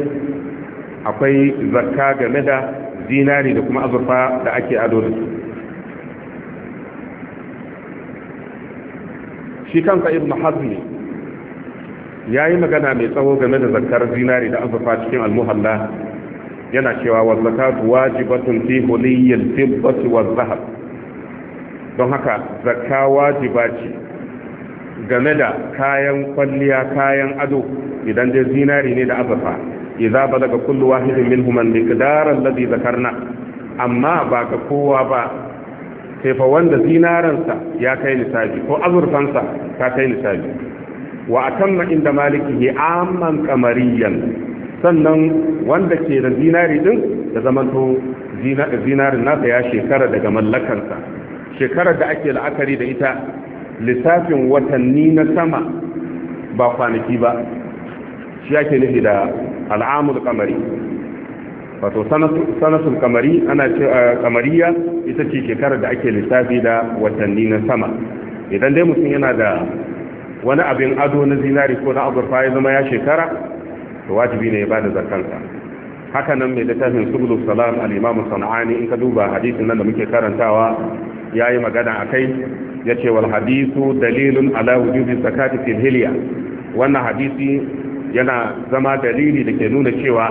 akwai zakka game da dinari da kuma azurfa da ake ado da su shi kansa ibn hazmi ya yi magana mai tsawo game da zakkar zinari da azurfa cikin Almuhalla. yana cewa wa zakatu wajibatun fi huliyyil fiddati wa zahab don haka zakka wajiba ce game da kayan kwalliya kayan ado idan dai zinari ne da azurfa idza balaga kullu wahidin minhum al-miqdar alladhi zakarna amma ba ga kowa ba sai fa wanda zinaransa ya kai nisabi ko azurfansa ta kai nisabi wa atamma inda maliki amman kamariyan sannan wanda ke da zinari din ya zamanto zinarin nasa ya shekara daga mallakarsa. shekarar da ake la'akari da ita lissafin watanni na sama ba kwanaki ba shi ake nufi da al'amul kamari wato sanatul kamari ana ce eh, kamariya ita ce shekarar da ake lissafi da watanni na sama idan dai mutum yana da wani abin ado na zinari ko na azurfa ya zama ya shekara to wajibi ne ya bada zakansa haka nan mai littafin subulus salam al-imam sana'ani in ka duba hadisin nan da muke karantawa yayi magana akai yace wal hadisu dalilun ala wujubi zakati fil hilya wannan hadisi yana zama dalili da ke nuna cewa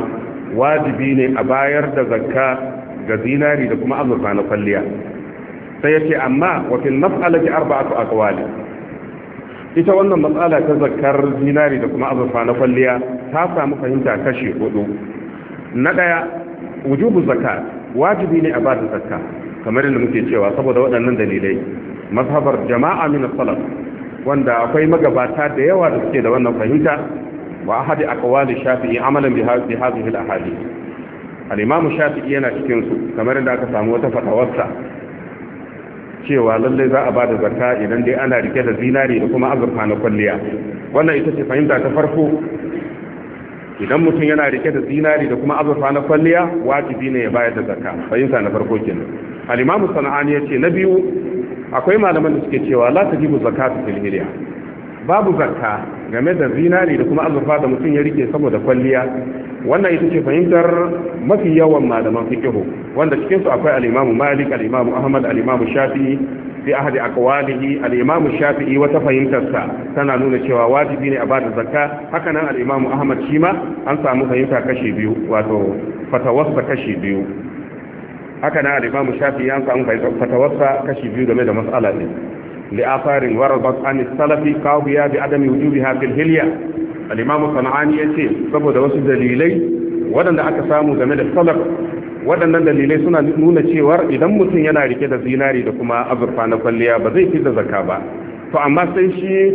wajibi ne a bayar da zakka ga zinari da kuma azurfa na kwalliya sai yace amma wa fil mas'alati arba'atu aqwali ita wannan matsala ta zakar zinari da kuma azurfa na kwalliya ta samu fahimta kashe hudu na daya wujubu zakka wajibi ne a ba da zakka kamar yadda muke cewa saboda waɗannan dalilai mazhabar jama'a min salaf wanda akwai magabata da yawa da suke da wannan fahimta wa ahadi aqwali shafi'i amalan bi hadhihi al ahadith al imam shafi'i yana cikin su kamar yadda aka samu wata fatawarsa cewa lallai za a bada zakka idan dai ana rike da zinari da kuma azurfa na kwalliya wannan ita ce fahimta ta farko idan mutum yana rike da zinari da kuma azurfa na kwalliya wajibi ne ya bayar da zakka fahimta na farko kenan al-imamu sana'ani ce na biyu akwai malaman da suke cewa la tajibu zakatu fil hilya babu zakka game da zinari da kuma azurfa da mutum ya rike saboda kwalliya wannan ita ce fahimtar mafi yawan malaman fikihu wanda cikinsu akwai al imam malik al imam ahmad al imam shafi'i fi ahadi aqwalihi al imam shafi'i wata fahimtarsa tana nuna cewa wajibi ne a ba da zakka haka nan al imam ahmad shi ma an samu fahimta kashi biyu wato fatawassa kashi biyu haka nan al imam shafi'i an samu fatawassa kashi biyu game da mas'ala ne لآثار وردت عن السلف قاضية بعدم وجوبها في الهلية الإمام الصنعاني يتي سبب دوس دليلي ودن أكا سامو جميل السلف ودن دليلي سنة نونة شوار إذا متن يناري كده زيناري لكما أظرف عن فليا بزي كده زكابا فأما سيشي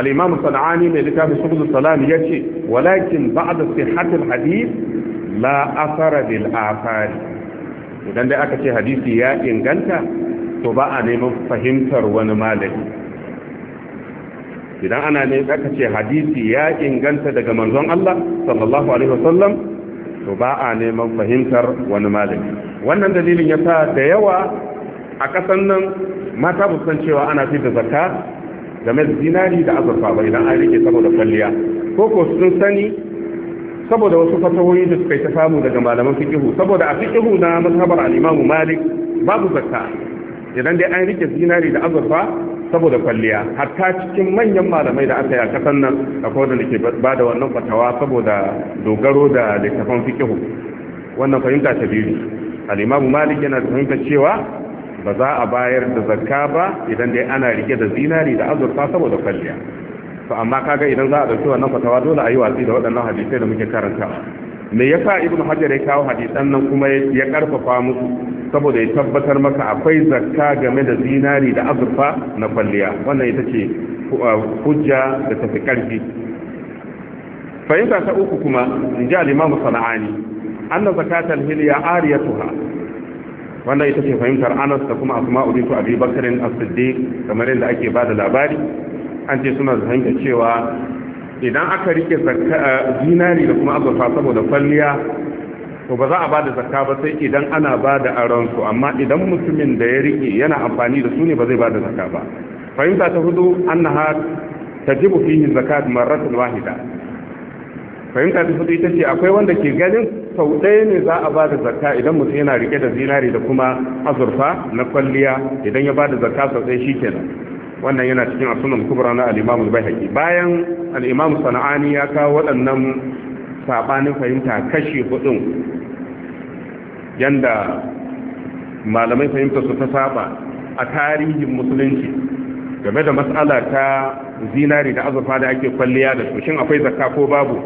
الإمام الصنعاني من لكاب سبب السلام يتي ولكن بعد صحة الحديث لا أثر للآثار idan dai aka ce hadisi ya inganta to ba a neman fahimtar wani malami idan ana ne aka ce hadisi ya inganta daga manzon Allah sallallahu alaihi wasallam to ba a neman fahimtar wani malami wannan dalilin ya sa da yawa a ƙasan nan mata san cewa ana fi da zakka game da zinari da azurfa ba idan an rike saboda kwalliya ko ko sun sani saboda wasu fatawoyi da suka yi ta samu daga malaman fikihu saboda a fikihu na mazhabar al-Imam Malik babu zakka idan dai an rike zinari da azurfa saboda kwalliya hatta cikin manyan malamai da aka yi a kasan nan akwai wanda ke ba da wannan fatawa saboda dogaro da littafan fikihu wannan fahimta ta biyu al'imamu malik yana fahimta cewa ba za a bayar da zakka ba idan dai ana rike da zinari da azurfa saboda kwalliya to amma kaga idan za a ɗauki wannan fatawa dole a yi watsi da waɗannan hadisai da muke karanta. me yasa ibnu hajar ya kawo hadisan nan kuma ya karfafa musu saboda ya tabbatar maka akwai zakka game da zinari da azurfa na kwalliya wannan ita ce uh, hujja da tafi karfi fahimta ta uku kuma in ji alimamu sana'ani an na zakatar hiliya tuha. wannan ita ce fahimtar anas da kuma asma ubitu abi bakarin as-siddiq kamar yadda ake ba da labari an ce suna zahanta cewa idan aka rike uh, zinari da kuma azurfa saboda kwalliya to ba za a bada zakka ba sai idan ana bada aron su amma idan mutumin da ya rike yana amfani da su ne ba zai bada zakka ba fahimta ta hudu annaha tajibu fihi zakat marratan wahida fahimta ta hudu ita ce akwai wanda ke ganin sau ɗaya ne za a ba zakka idan mutum yana rike da zinari da kuma azurfa na kwalliya idan ya bada da zakka sau ɗaya shi kenan wannan yana cikin asunan kubra na al'imamu al-bayhaqi bayan al'imamu sana'ani ya kawo waɗannan sabanin fahimta kashi hudun yadda malamai fahimta su ta saba a tarihin musulunci game da matsala ta zinari da azurfa da ake kwalliya da su shin akwai zakka ko babu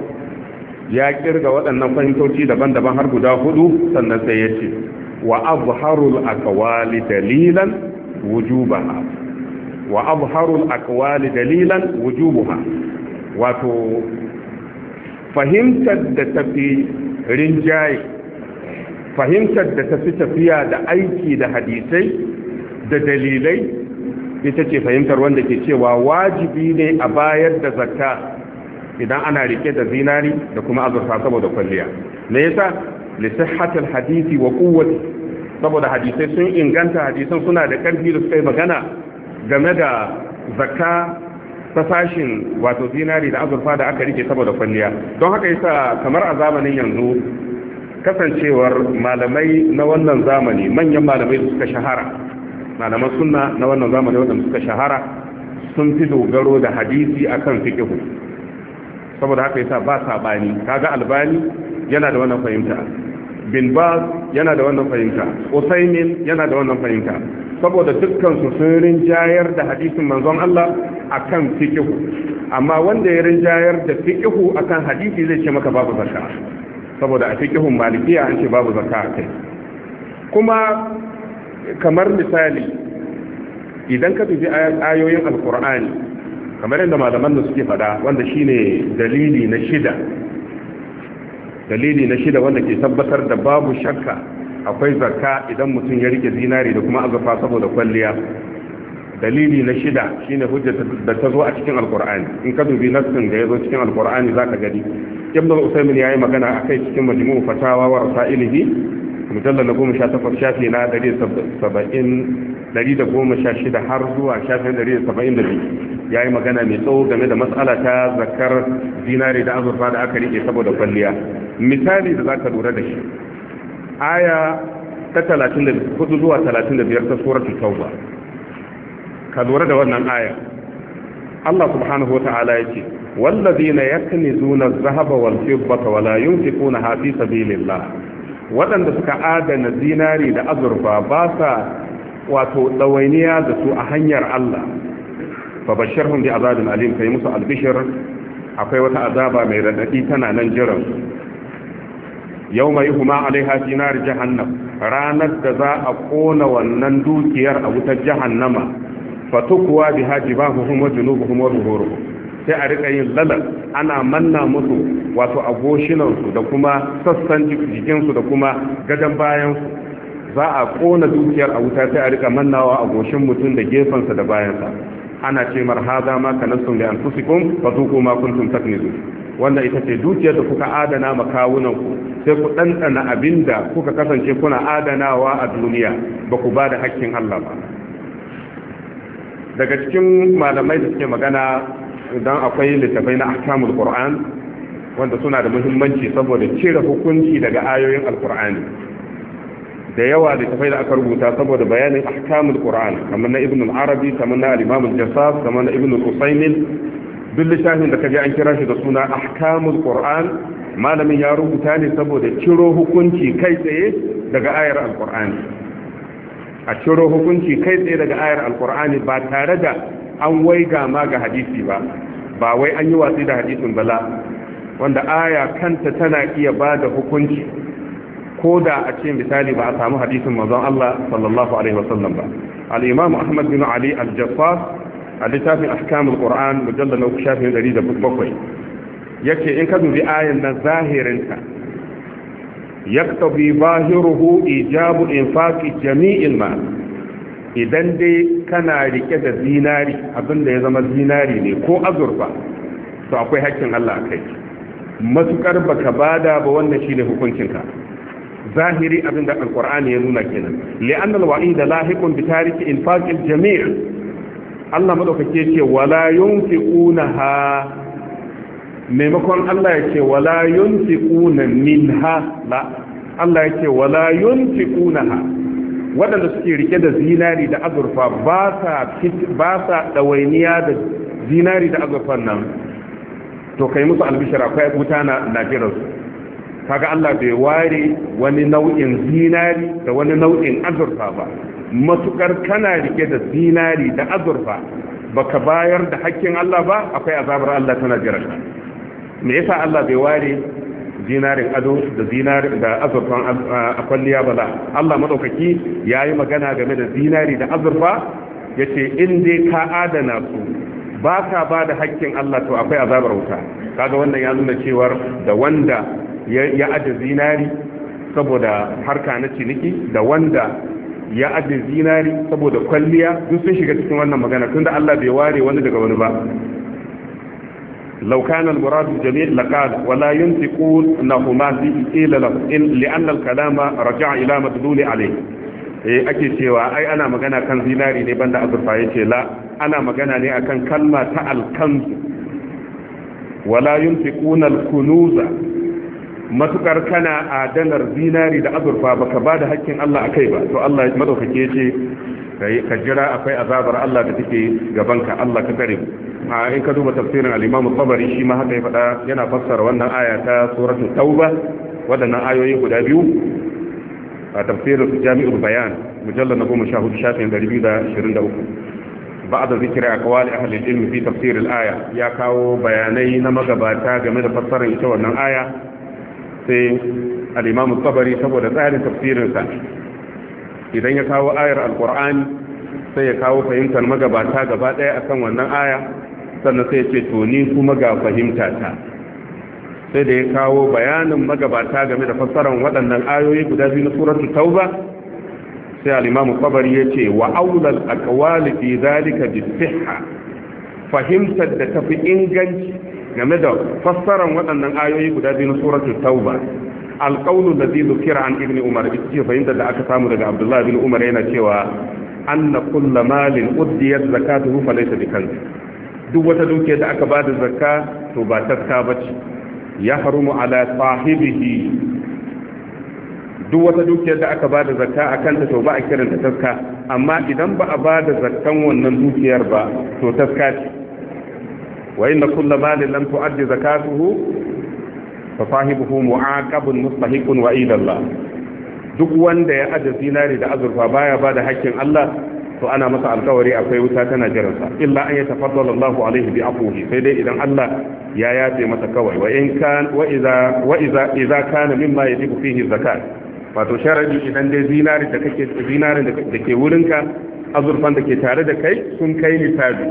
ya kirga waɗannan fahimtoci daban-daban har guda hudu sannan sai ya ce wa abu harul akawali dalilan wujubaha wa abu harul akawali dalilan wujubuha, wato fahimtar da tafi rinjaye fahimtar da tafi tafiya da aiki da hadisai da dalilai ita ce fahimtar wanda ke cewa wajibi ne a bayar da zakka idan ana rike da zinari da kuma azurfa saboda kwalliya me yasa li hadisi wa quwwati saboda hadisai sun inganta hadisan suna da karfi da suka magana game da zakka ta sashin wato zinari da azurfa da aka rike saboda kwalliya don haka yasa kamar a zamanin yanzu kasancewar malamai na wannan zamani manyan malamai da suka shahara malaman sunna na wannan zamani wanda suka shahara sun fi dogaro da hadisi akan fiqhu saboda haka yasa ba sabani kaga albani yana da wannan fahimta bin baz yana da wannan fahimta usaimin yana da wannan fahimta saboda dukkan su sun rinjayar da hadisin manzon Allah akan fikihu amma wanda ya rinjayar da fikihu akan hadisi zai ce maka babu zakka saboda a fikihun malikiya an ce babu zakka a kai kuma kamar misali idan ka tafi ayoyin alkur'ani kamar yadda malaman da suke fada wanda shine dalili na shida dalili na shida wanda ke tabbatar da babu shakka akwai zakka idan mutum ya rike zinari da kuma azurfa saboda kwalliya dalili na shida shine hujja da ta zo a cikin alkur'ani in ka dubi nassin da ya zo cikin alkur'ani za ka gani ibn al-usaymin yayi magana akai cikin majmu'u fatawa wa rasailihi mujallal 18 shafi na 170 116 har zuwa shafi 172 yayi magana mai tsawo game da mas'ala ta zakar dinari da azurfa da aka rike saboda kwalliya misali da zaka lura da shi aya ta 34 zuwa 35 ta suratul tauba ka lura da wannan aya Allah subhanahu wata'ala yake wallazina yaknizuna adh-dhahaba wal-fiddata wa la yunfiqunaha fi sabilillah waɗanda suka adana zinari da azurfa ba sa wato dawainiya da su a hanyar Allah fa bashirhum azabin alim kai musu albishir akwai wata azaba mai raɗaɗi tana nan jiran yawma yuhma alaiha fi nar jahannam ranar da za a kona wannan dukiyar a wutar jahannama fatukuwa bi hajibahuhum wa junubuhum wa zuhuruhum sai a rika yin lalal ana manna musu wato agoshinan su da kuma sassan jikin su da kuma gadan bayan su za a kona dukiyar a wuta sai a rika mannawa a goshin mutum da gefensa da bayansa ana ce marhaza ma kanasun da antusikum fatuku ma kuntum taknizu wannan ita ce dukiyar da kuka adana ma ku sai ku dandana abinda kuka kasance kuna adanawa a duniya ba ku ba da hakkin Allah ba daga cikin malamai da suke magana idan akwai littafai na ahkamul qur'an wanda suna da muhimmanci saboda cire hukunci daga ayoyin alqur'ani da yawa littafai da aka rubuta saboda bayanin ahkamul qur'an kamar na ibnu al-arabi kamar na al-imam al-jassas kamar na ibn al-usaymin duk littafin da kaje an kira shi da suna ahkamul qur'an malamin ya rubuta ne saboda ciro hukunci kai tsaye daga ayar alqur'ani a ciro hukunci kai tsaye daga ayar alkur'ani ba tare da an waiga ma ga hadisi ba ba wai an yi watsi da hadisin bala wanda aya kanta tana iya ba da hukunci ko da a ce misali ba a samu hadisin manzon Allah sallallahu alaihi wasallam ba al'imam imam Ahmad bin Ali al-Jaffar a littafin ahkam al-Qur'an mujallal 3 107 yake in ka dubi ayan nan zahirinta yaktabi bahiruhu ijabu infaqi jami'il ma idan dai kana rike da zinari abinda ya zama zinari ne ko azurfa to akwai hakkin Allah kai matukar baka bada ba wannan shine hukuncinka zahiri abinda alqur'ani ya nuna kenan li'anna alwa'id lahiqun bi tariki infaqi jami' Allah madaukake ce wala ha. maimakon Allah ya ce wala min ha la Allah ya ce wala ha, waɗanda suke rike da zinari da azurfa ba sa ɗawainiya da zinari da azurfan nan to kai musu albishara kai wuta na najirar kaga Allah bai ware wani nau'in zinari da wani nau'in azurfa ba matukar kana rike da zinari da azurfa baka bayar da hakkin Allah ba akwai azabar Allah tana jiran me yasa Allah bai ware zinarin ado da zinari da azurfan akwalliya ah, ah, bala Allah madaukaki yi magana game da zinari da azurfa yace in dai ka adana su ba ka ba da hakkin Allah to akwai azabar wuta kaga wannan ya nuna cewar da wanda ya aje zinari saboda harka na ciniki da wanda ya aje zinari saboda kwalliya duk sun shiga cikin wannan magana tunda Allah bai ware wani daga wani ba لو كان المراد الجميع لقال ولا ينطقونهما فيه قيل له إن لأن الكلام رجع إلى مدلول عليه eh ake cewa ai ana magana kan zinari ne banda azurfa yace la ana magana ne akan kalma ta alkanzu wala yunfiquna alkunuza matukar kana adanar zinari da azurfa baka da hakkin Allah akai ba to Allah madaukake ce, ka jira akwai azabar Allah da take gaban ka Allah ka kare mu a in ka duba tafsirin al-Imam Tabari shi ma haka ya faɗa yana fassara wannan aya ta suratul Tauba wadannan ayoyi guda biyu a tafsirin Jami'ul Bayan mujallal na goma sha hudu shafin dari biyu da ashirin da uku بعد ذكر أقوال أهل العلم في تفسير الآية يا كاو بياني نمغباتا game da fassarar ita wannan aya sai al-Imam al-Tabari saboda tsarin tafsirin sa idan ya kawo ayar al-Qur'ani sai ya kawo fahimtar magabata gaba ɗaya akan wannan aya sannan sai ce to ni kuma ga fahimta ta sai da ya kawo bayanin magabata game da fassarar waɗannan ayoyi guda biyu na suratul tauba sai al-imamu qabari yace wa awlal aqwali fi zalika bi sihha fahimtar da tafi inganci game da fassarar waɗannan ayoyi guda biyu na suratul tauba القول الذي ذكر عن ابن عمر اتجه فإن ذا أكسام لك عبد الله بن عمر هنا شوى أن كل مال أديت زكاته فليس بكنز duk wata duke da aka ba da zakka to ba taska ce, ya harumu ala sahibihi duk wata dukiyar da aka ba da zakka a kanta to ba a kiranta taska amma idan ba a ba da zakkan wannan dukiyar ba to taska ce wa inna kullu malin lam tu'addi zakatuhu fa sahibuhu mu'aqabun mustahiqun wa idallah duk wanda ya aje zinari da azurfa baya ba da hakkin Allah to ana masa alkawari akwai wuta tana jiransa illa an yatafaddala Allahu alaihi bi afuhi sai dai idan Allah ya yafe masa kawai wa in kan wa idza wa idza idza kana mimma yajibu fihi zakat wato sharadi idan dai zinari da kake zinarin da ke wurinka azurfan da ke tare da kai sun kai nisabi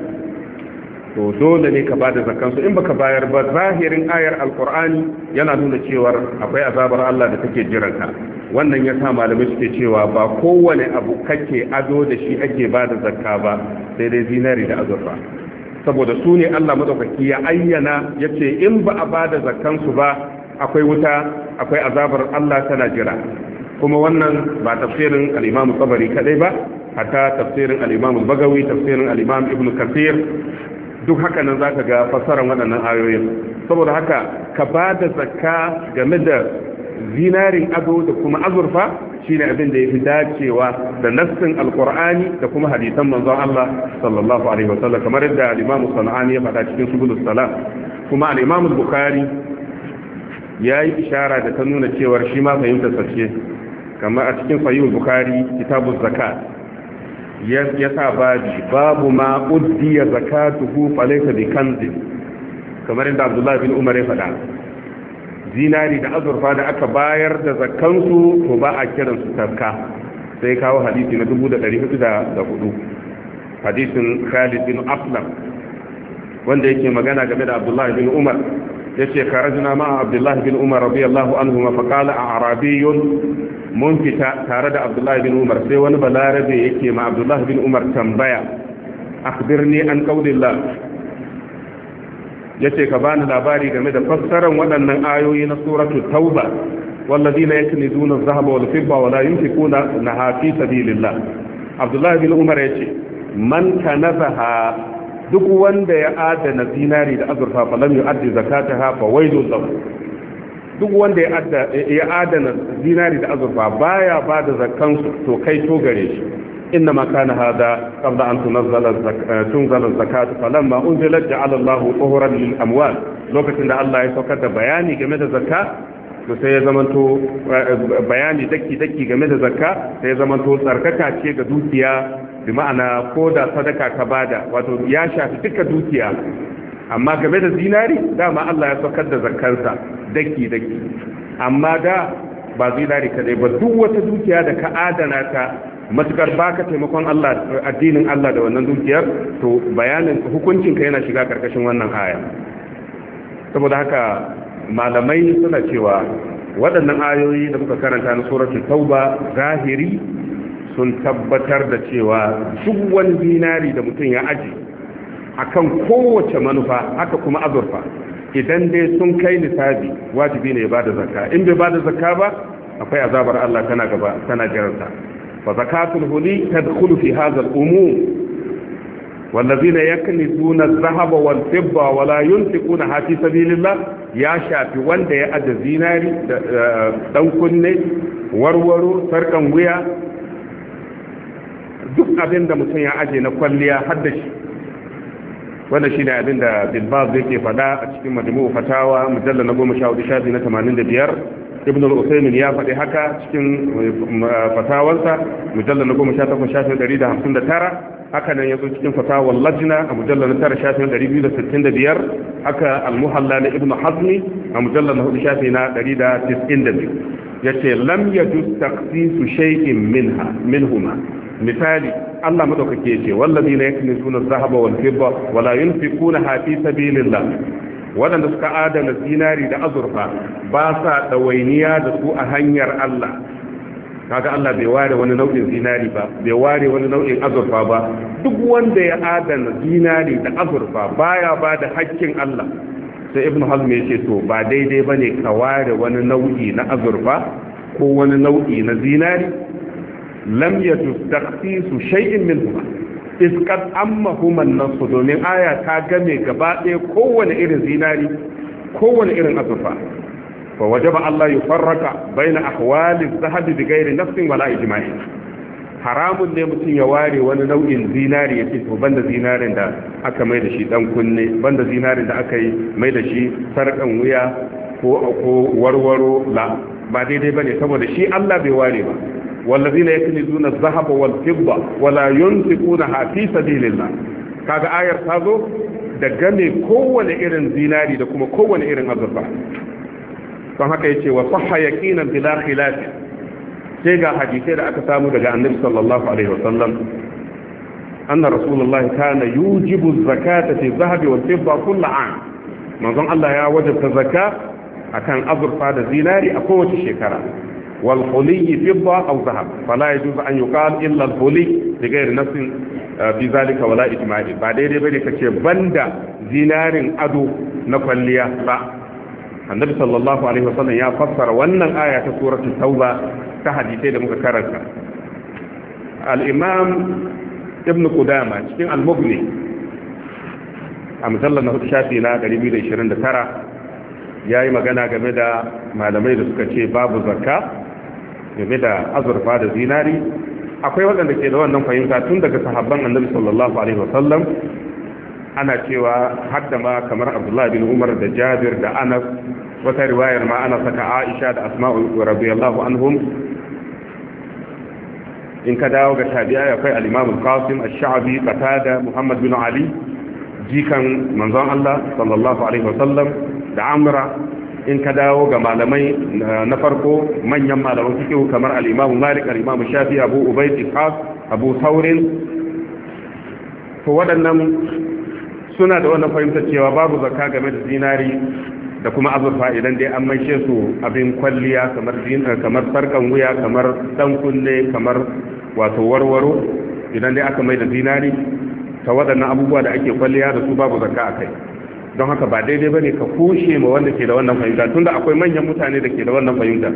to dole ne ka bada zakansu in baka bayar ba zahirin ayar alqur'ani yana nuna cewa akwai azabar Allah da take jiranka wannan ya sa malamai suke cewa ba kowane abu kake ado da shi ake ba da zakka ba sai dai zinari da azurfa saboda su ne Allah madaukaki ya ayyana ya ce in ba a ba da su ba akwai wuta akwai azabar Allah tana jira kuma wannan ba tafsirin al-Imam Tabari kadai ba hatta tafsirin al-Imam Bagawi tafsirin al-Imam Ibn Kathir duk haka nan zaka ga fassarar waɗannan ayoyin saboda haka ka ba da zakka game da zinarin ado da kuma azurfa shine abin da yafi dacewa da nassin alqur'ani da kuma hadisan manzon Allah sallallahu alaihi wasallam kamar yadda al-Imam Sanani ya faɗa cikin Subulus Salam kuma al-Imam Bukhari yayi ishara da ta nuna cewa shi ma fahimta sace kamar a cikin Sahih Bukhari kitabuz zakat ya sa baji babu ma uddiya zakatuhu falaysa bi kanzin kamar yadda Abdullahi bin Umar ya faɗa zinari da azurfa da aka bayar da zakkansu to ba a kiransu tarka sai kawo hadisi na 1404 hadisin Khalid bin Aflam wanda yake magana game da Abdullah bin Umar yace kharajna ma Abdullah bin Umar radiyallahu anhu fa qala a'rabiyyun mun fita tare da Abdullah bin Umar sai wani balarabe yake ma Abdullah bin Umar tambaya akhbirni an qawlillah yace ka bani labari game da fassarar waɗannan ayoyi na suratu tauba wallazina yaknizuna adh-dhahaba wal fidda wa la yunfiquna naha fi sabilillah Abdullah bin Umar yace man kanazaha duk wanda ya adana zinari da azurfa fa lam yu'addi zakataha fa waylu lahu duk wanda ya adana zinari da azurfa baya ba da zakkansu to kai to gare shi إنما كان هذا قبل أن تنزل الزكاة تنزل الزكاة فلما أنزلت جعل الله طهرا للأموال لوكة إن الله يسوكت بياني جميع الزكاة sai ya zamanto bayani daki-daki game da zakka sai ya zamanto tsarkaka ce ga dukiya bi ma'ana ko da sadaka ka bada wato ya shafi duka dukiya amma game da zinari dama Allah ya saukar da zakkansa daki-daki amma da ba zinari kadai ba duk wata dukiya da ka adana ta matukar baka taimakon Allah addinin Allah da wannan dukiyar to bayanin hukuncinka yana shiga karkashin wannan aya saboda haka malamai suna cewa waɗannan ayoyi da muka karanta na suratul tauba zahiri sun tabbatar da cewa duk wani dinari da mutum ya aji akan kowace manufa haka kuma azurfa idan dai sun kai nisabi wajibi ne ya bada zakka in bai ba da zakka ba akwai azabar Allah tana gaba tana jiransa fa zakatul huli tadkhulu fi hadha al-umum والذين يكنزون الذهب والفضة ولا ينفقونها في سبيل الله يا شافي wanda ya ada zinari eh, dan kunne warwaro sarkar wuya duk abinda da mutum ya aje na kwalliya har da shi wanda shi ne abin da bilbao yake fada a cikin majmu'u fatawa mujalla na goma sha hudu shafi na tamanin da biyar ibn al-usaymin ya faɗi haka cikin eh, fatawarsa mujallar na goma sha takwas shafin ɗari da hamsin da tara haka nan ya zo cikin fatawar lajina a mujallar na tara shafin ɗari biyu da sittin da biyar haka almuhalla na ibn hazmi a mujallar na hudu shafi na ɗari da tis'in da biyu ya ce lam ya ju taksisu shay'in minhuma misali Allah madaukake ya ce wallazi na yakni suna zahaba wal fidda wala yunfiquna fi sabilillah waɗanda suka adana zinari da azurfa ba sa ɗawainiya da su a hanyar Allah kaga Allah bai ware wani nau'in zinari ba bai ware wani nau'in azurfa ba duk wanda ya adana zinari da azurfa baya ba da hakkin Allah sai ibnu hazm ya ce to ba daidai bane ka ware wani nau'i na azurfa ko wani nau'i na zinari lam yatus takhsisu shay'in minhuma iskat an human nasu domin aya ta game gaba ɗaya kowane irin zinari kowane irin azurfa waje ba Allah yi farraka baina ahwali zahabi bi ghairi nafsin wala ijima'i haramun ne mutum ya ware wani nau'in zinari ya ce to banda zinarin da aka mai da shi dan kunne banda zinarin da aka yi mai da shi sarkan wuya ko ko warwaro la ba daidai bane saboda shi Allah bai ware ba والذين يكنزون الذهب والفضة ولا ينفقونها في سبيل الله kaga ayar ta zo da game kowane irin zinari da kuma kowane irin azurfa don haka ya wa sahha yaqinan bila sai ga hadisai da aka samu daga annabi sallallahu alaihi wasallam anna rasulullahi kana yujibu zakata fi dhahabi wal fidda kull an manzon Allah ya wajabta zakka akan azurfa da zinari a kowace shekara والحلي فضة أو ذهب فلا يجوز أن يقال إلا الحلي بغير نفس في ذلك ولا إجماع بعدين بني كشي بند زينار أدو نفليا لا النبي صلى الله عليه وسلم يا فسر وأن الآية سورة التوبة تحديثي لمكررة الإمام ابن قدامة شكين المغني أمثال لنا شافي لا قريبي لإشرين ترى ya yi magana game da malamai da suka ce babu zakka game da azurfa da zinari akwai waɗanda ke da wannan fahimta tun daga sahabban annabi sallallahu alaihi wasallam ana cewa da ma kamar abdullahi bin umar da jabir da anas wata riwayar ma ana saka aisha da asma'u radiyallahu anhum in ka dawo ga tabi'a akwai al-imam al-qasim ash-sha'bi qatada muhammad bin ali jikan manzon Allah sallallahu alaihi wasallam da amra in ka dawo ga malamai na farko manyan malaman fiqh kamar al-Imam Malik al-Imam Shafi Abu Ubayd Ishaq Abu Thawrin to waɗannan suna da wannan fahimtar cewa babu zakka game da zinari da kuma azurfa idan dai an maishe su abin kwalliya kamar eh, kamar sarkan wuya kamar dan kunne kamar wato warwaro idan dai aka mai da zinari ta waɗannan abubuwa da ake kwalliya da su babu zakka akai don haka ba daidai bane ka kushe ma wanda ke da wannan fahimta tunda akwai manyan mutane da ke da wannan fahimta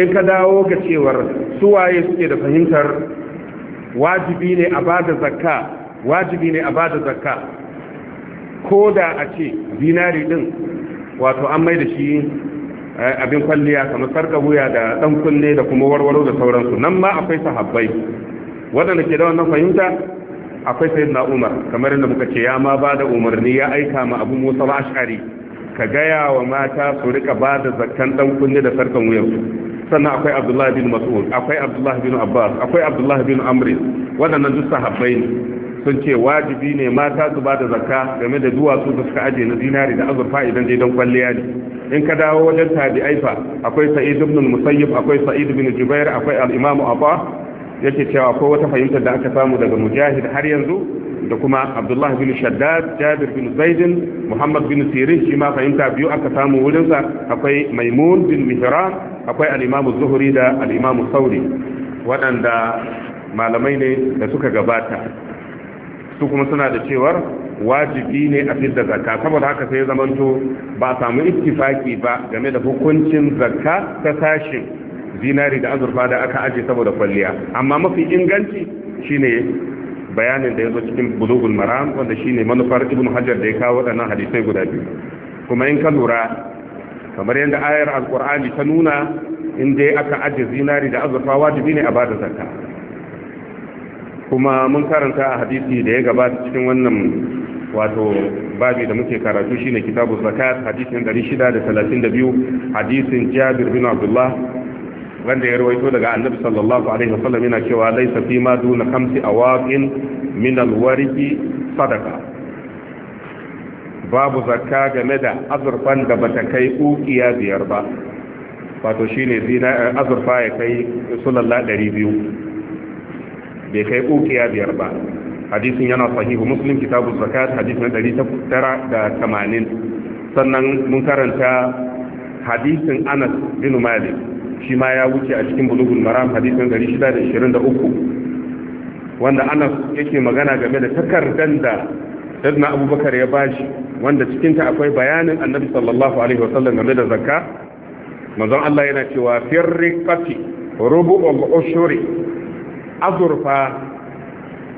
in ka dawo ga cewar su waye suke da fahimtar wajibi ne a bada zakka wajibi ne a bada zakka ko da a ce dinari din wato an mai da shi eh, abin kwalliya kamar sarka wuya da dan kunne da kuma warwaro da sauransu nan ma akwai sahabbai waɗanda ke da wannan fahimta akwai sayyidina umar kamar yadda muka ce ya ma ba da umarni ya aika ma abu musa ashari ka gaya wa mata su rika ba da zakkan dan kunne da sarkan wuyansu sannan akwai abdullahi bin mas'ud akwai abdullahi bin abbas akwai abdullahi bin amr waɗannan duk sahabbai ne sun ce wajibi ne mata su ba da zakka game da duwatsu da suka aje na dinari da azurfa idan dai don kwalliya ne in ka dawo wajen tabi fa akwai sa'id ibn musayyib akwai sa'id ibn jubair akwai al-imam abba yake cewa ko wata fahimtar da aka samu daga mujahid har yanzu da kuma abdullah bin shaddad jabir bin zaidin muhammad bin sirin shi ma fahimta biyu aka samu wurinsa akwai maimun bin mihran akwai Alimamu zuhuri da Alimamu sauri waɗanda malamai ne da suka gabata su kuma suna da cewar wajibi ne a fidda zakka saboda haka sai zamanto ba samu ittifaki ba game da hukuncin zakka ta sashin zinari da azurfa da aka aje saboda kwalliya amma mafi inganci shine bayanin da ya zo cikin bulugul maram wanda shine manufar ibn hajar da ya kawo waɗannan hadisai guda biyu kuma in ka lura kamar yadda ayar Alƙur'ani ta nuna in dai aka aje zinari da azurfa wajibi ne a ba da zakka kuma mun karanta a hadisi da ya gabata cikin wannan wato babi da muke karatu shine kitabu zakat hadisin 632 hadisin jabir bin abdullah wanda ya rawaito daga annabi sallallahu alaihi wasallam yana cewa laysa fi ma duna khamsi awaqin min alwarqi sadaqa babu zakka game da azurfan da bata kai ukiya biyar ba wato shine zina azurfa ya kai sulalla biyu. bai kai ukiya biyar ba hadisin yana sahihu muslim kitabu zakat hadis na da tamanin. sannan mun karanta hadisin Anas bin Malik shi ma ya wuce a cikin bulugun maram hadisin 623 wanda anas yake magana game da takardar da sayyidina abubakar ya bashi wanda cikinta akwai bayanin annabi sallallahu alaihi wasallam game da zakka manzon Allah yana cewa firriqati rubu'ul ushuri azurfa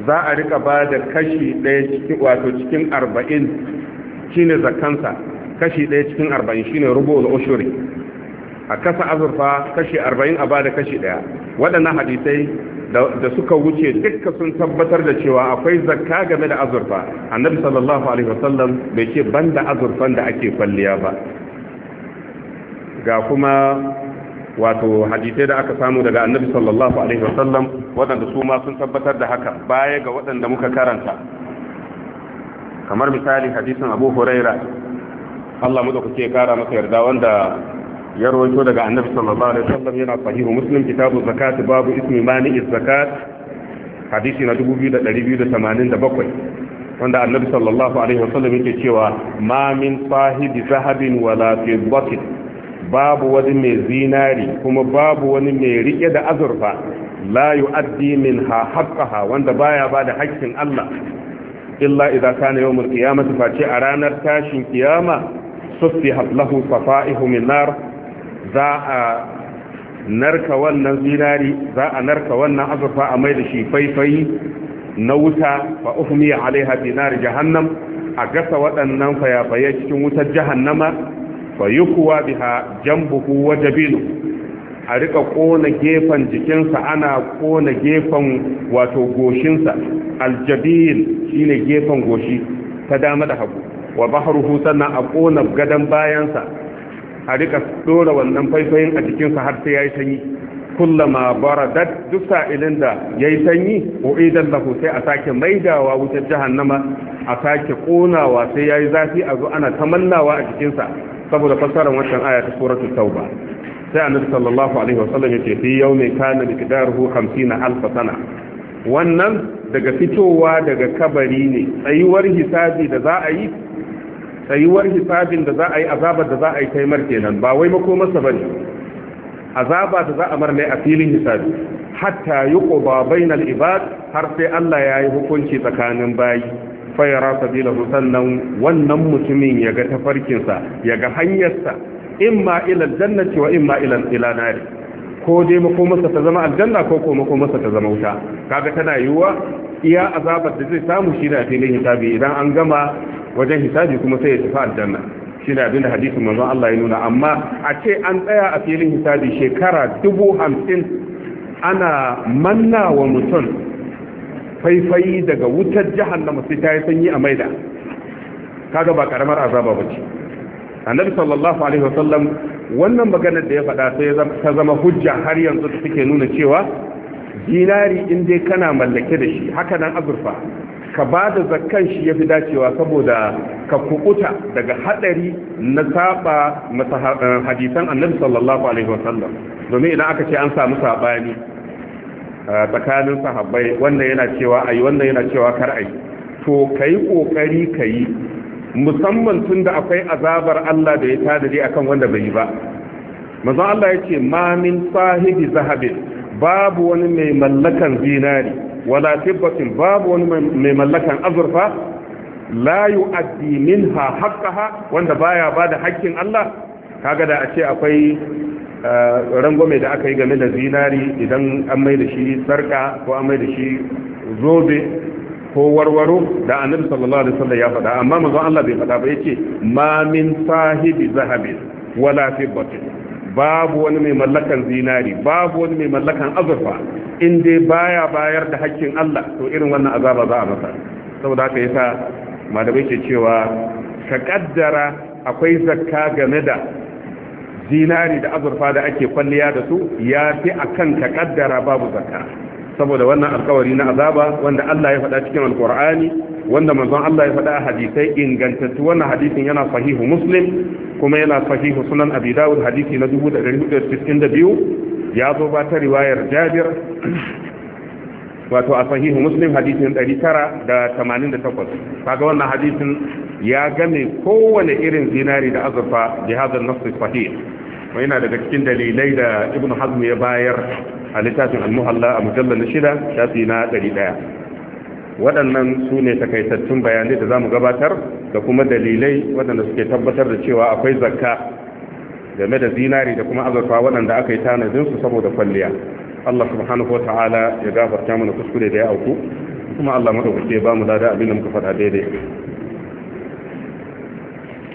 za a rika ba da kashi daya cikin wato cikin arba'in shine zakkansa kashi daya cikin arba'in shine rubu'ul ushuri a kasa azurfa kashi arba'in a bada kashi ɗaya waɗannan hadisai da suka wuce dukka sun tabbatar da cewa akwai zakka game da azurfa annabi sallallahu alaihi wasallam bai ce banda azurfan da ake kwalliya ba ga kuma wato hadisai da aka samu daga annabi sallallahu alaihi wasallam waɗanda su ma sun tabbatar da haka baya ga waɗanda muka karanta kamar misali hadisin abu huraira Allah mu da kuke kara masa yarda wanda ya rawaito daga annabi sallallahu alaihi wasallam yana sahihu muslim kitabu zakat babu ismi mani zakat hadisi na 2287 wanda annabi sallallahu alaihi wasallam yake cewa ma min sahibi zahabin wala fiddatin babu wani mai zinari kuma babu wani mai rike da azurfa la yu'addi ha haqqaha wanda baya ba da haƙƙin Allah illa idza kana yawmul qiyamati fa ce a ranar tashin kiyama suffihat lahu safa'ihu min nar za a narka wannan zinari za a narka wannan azurfa a mai da shi faifayi na wuta fa uhmiya alaiha dinar jahannam a gasa waɗannan fayafaye cikin wutar jahannama fa yukwa biha jambuhu wa jabilu a rika kona gefen jikinsa ana kona gefen wato goshinsa aljabil shine gefen goshi ta dama da hagu wa bahruhu sannan a kona gadan bayansa a rika dora wannan faifayin a jikinsa har sai ya yi sanyi kullama baradat duk sa'ilin da ya yi sanyi idan lahu sai a sake maidawa wutar jahannama a sake konawa sai ya yi zafi a zo ana tamannawa a jikinsa saboda fassarar wancan aya ta suratul tauba sai annabi sallallahu alaihi wasallam ce fi yawmi kana miqdaruhu 50000 sana wannan daga fitowa daga kabari ne tsayuwar hisabi da za a yi tsayuwar hisabin da za a yi azabar da za a yi taimar kenan ba wai makomarsa ba ne azaba da za a marne a filin hisabi hatta yi ƙoba bainal ibad har sai Allah ya yi hukunci tsakanin bayi fayara sabila, sannan wannan mutumin ya ga tafarkinsa ya ga hanyarsa imma ilal jannati wa imma ilal ila ko dai makomarsa ta zama aljanna ko ko makomarsa ta zama wuta kaga tana yiwuwa iya azabar da zai samu shi da filin hisabi idan an gama wajen hisabi kuma sai ya tafi aljanna shi da abin da hadisin manzon Allah ya nuna amma a ce an tsaya a filin hisabi shekara dubu hamsin ana manna wa mutum faifai daga wutar jahannama sai ta yi sanyi a maida kaga ba karamar azaba ba ce annabi sallallahu alaihi wasallam wannan maganar da ya faɗa sai ta zama hujja har yanzu da suke nuna cewa dinari in dai kana mallake da shi haka nan azurfa ka ba da zakkan shi ya fi dacewa saboda ka kukuta daga hadari na saba eh, hadisan annabi sallallahu alaihi wasallam domin idan aka ce an samu sabani eh, tsakanin sahabbai wannan yana cewa ayi wannan yana cewa kar ayi to kai kokari kai musamman tun da akwai azabar Allah da ya tadari akan wanda bai yi ba manzo Allah yace ma min sahibi zahabin babu wani mai mallakan zinari wala tibbatin babu wani mai mallakan azurfa la yu'addi minha haqqaha wanda baya bada haƙƙin Allah kaga da a ce akwai eh, rangwame da aka yi game da zinari idan an mai da shi sarka ko an mai da shi zobe ko warwaro da annabi sallallahu alaihi wasallam ya faɗa amma manzon Allah bai faɗa ba yace ma min sahibi zahabin wala fiddatin babu wani mai mallakan zinari babu wani mai mallakan azurfa in dai baya bayar da haƙƙin Allah to irin wannan azaba za a masa saboda haka yasa malamai ke cewa ka kaddara akwai zakka game da zinari da azurfa da ake kwalliya da su ya fi akan ka kaddara babu zakka saboda wannan alkawari na azaba wanda Allah ya faɗa cikin alkur'ani wanda manzon Allah ya faɗa a hadisai ingantattu wannan hadisin yana sahihu muslim kuma yana sahihu sunan abi dawud hadisi na 1492 ya zo ba ta riwayar jabir wato a sahihu muslim hadisin 988 kaga wannan hadisin ya game kowane irin zinari da azurfa jihadun nasri sahih wa yana daga cikin dalilai da ibnu hazm ya bayar a littafin al-muhalla a mujallal shida shafi na 101 waɗannan su ne takaitattun bayanai da zamu gabatar da kuma dalilai waɗanda suke tabbatar da cewa akwai zakka game da zinari da kuma azurfa waɗanda aka yi tanadin su saboda kwalliya Allah subhanahu wa ta'ala ya gafarta mana kuskure da ya auku kuma Allah madaukake ya ba mu lada abin da muka faɗa daidai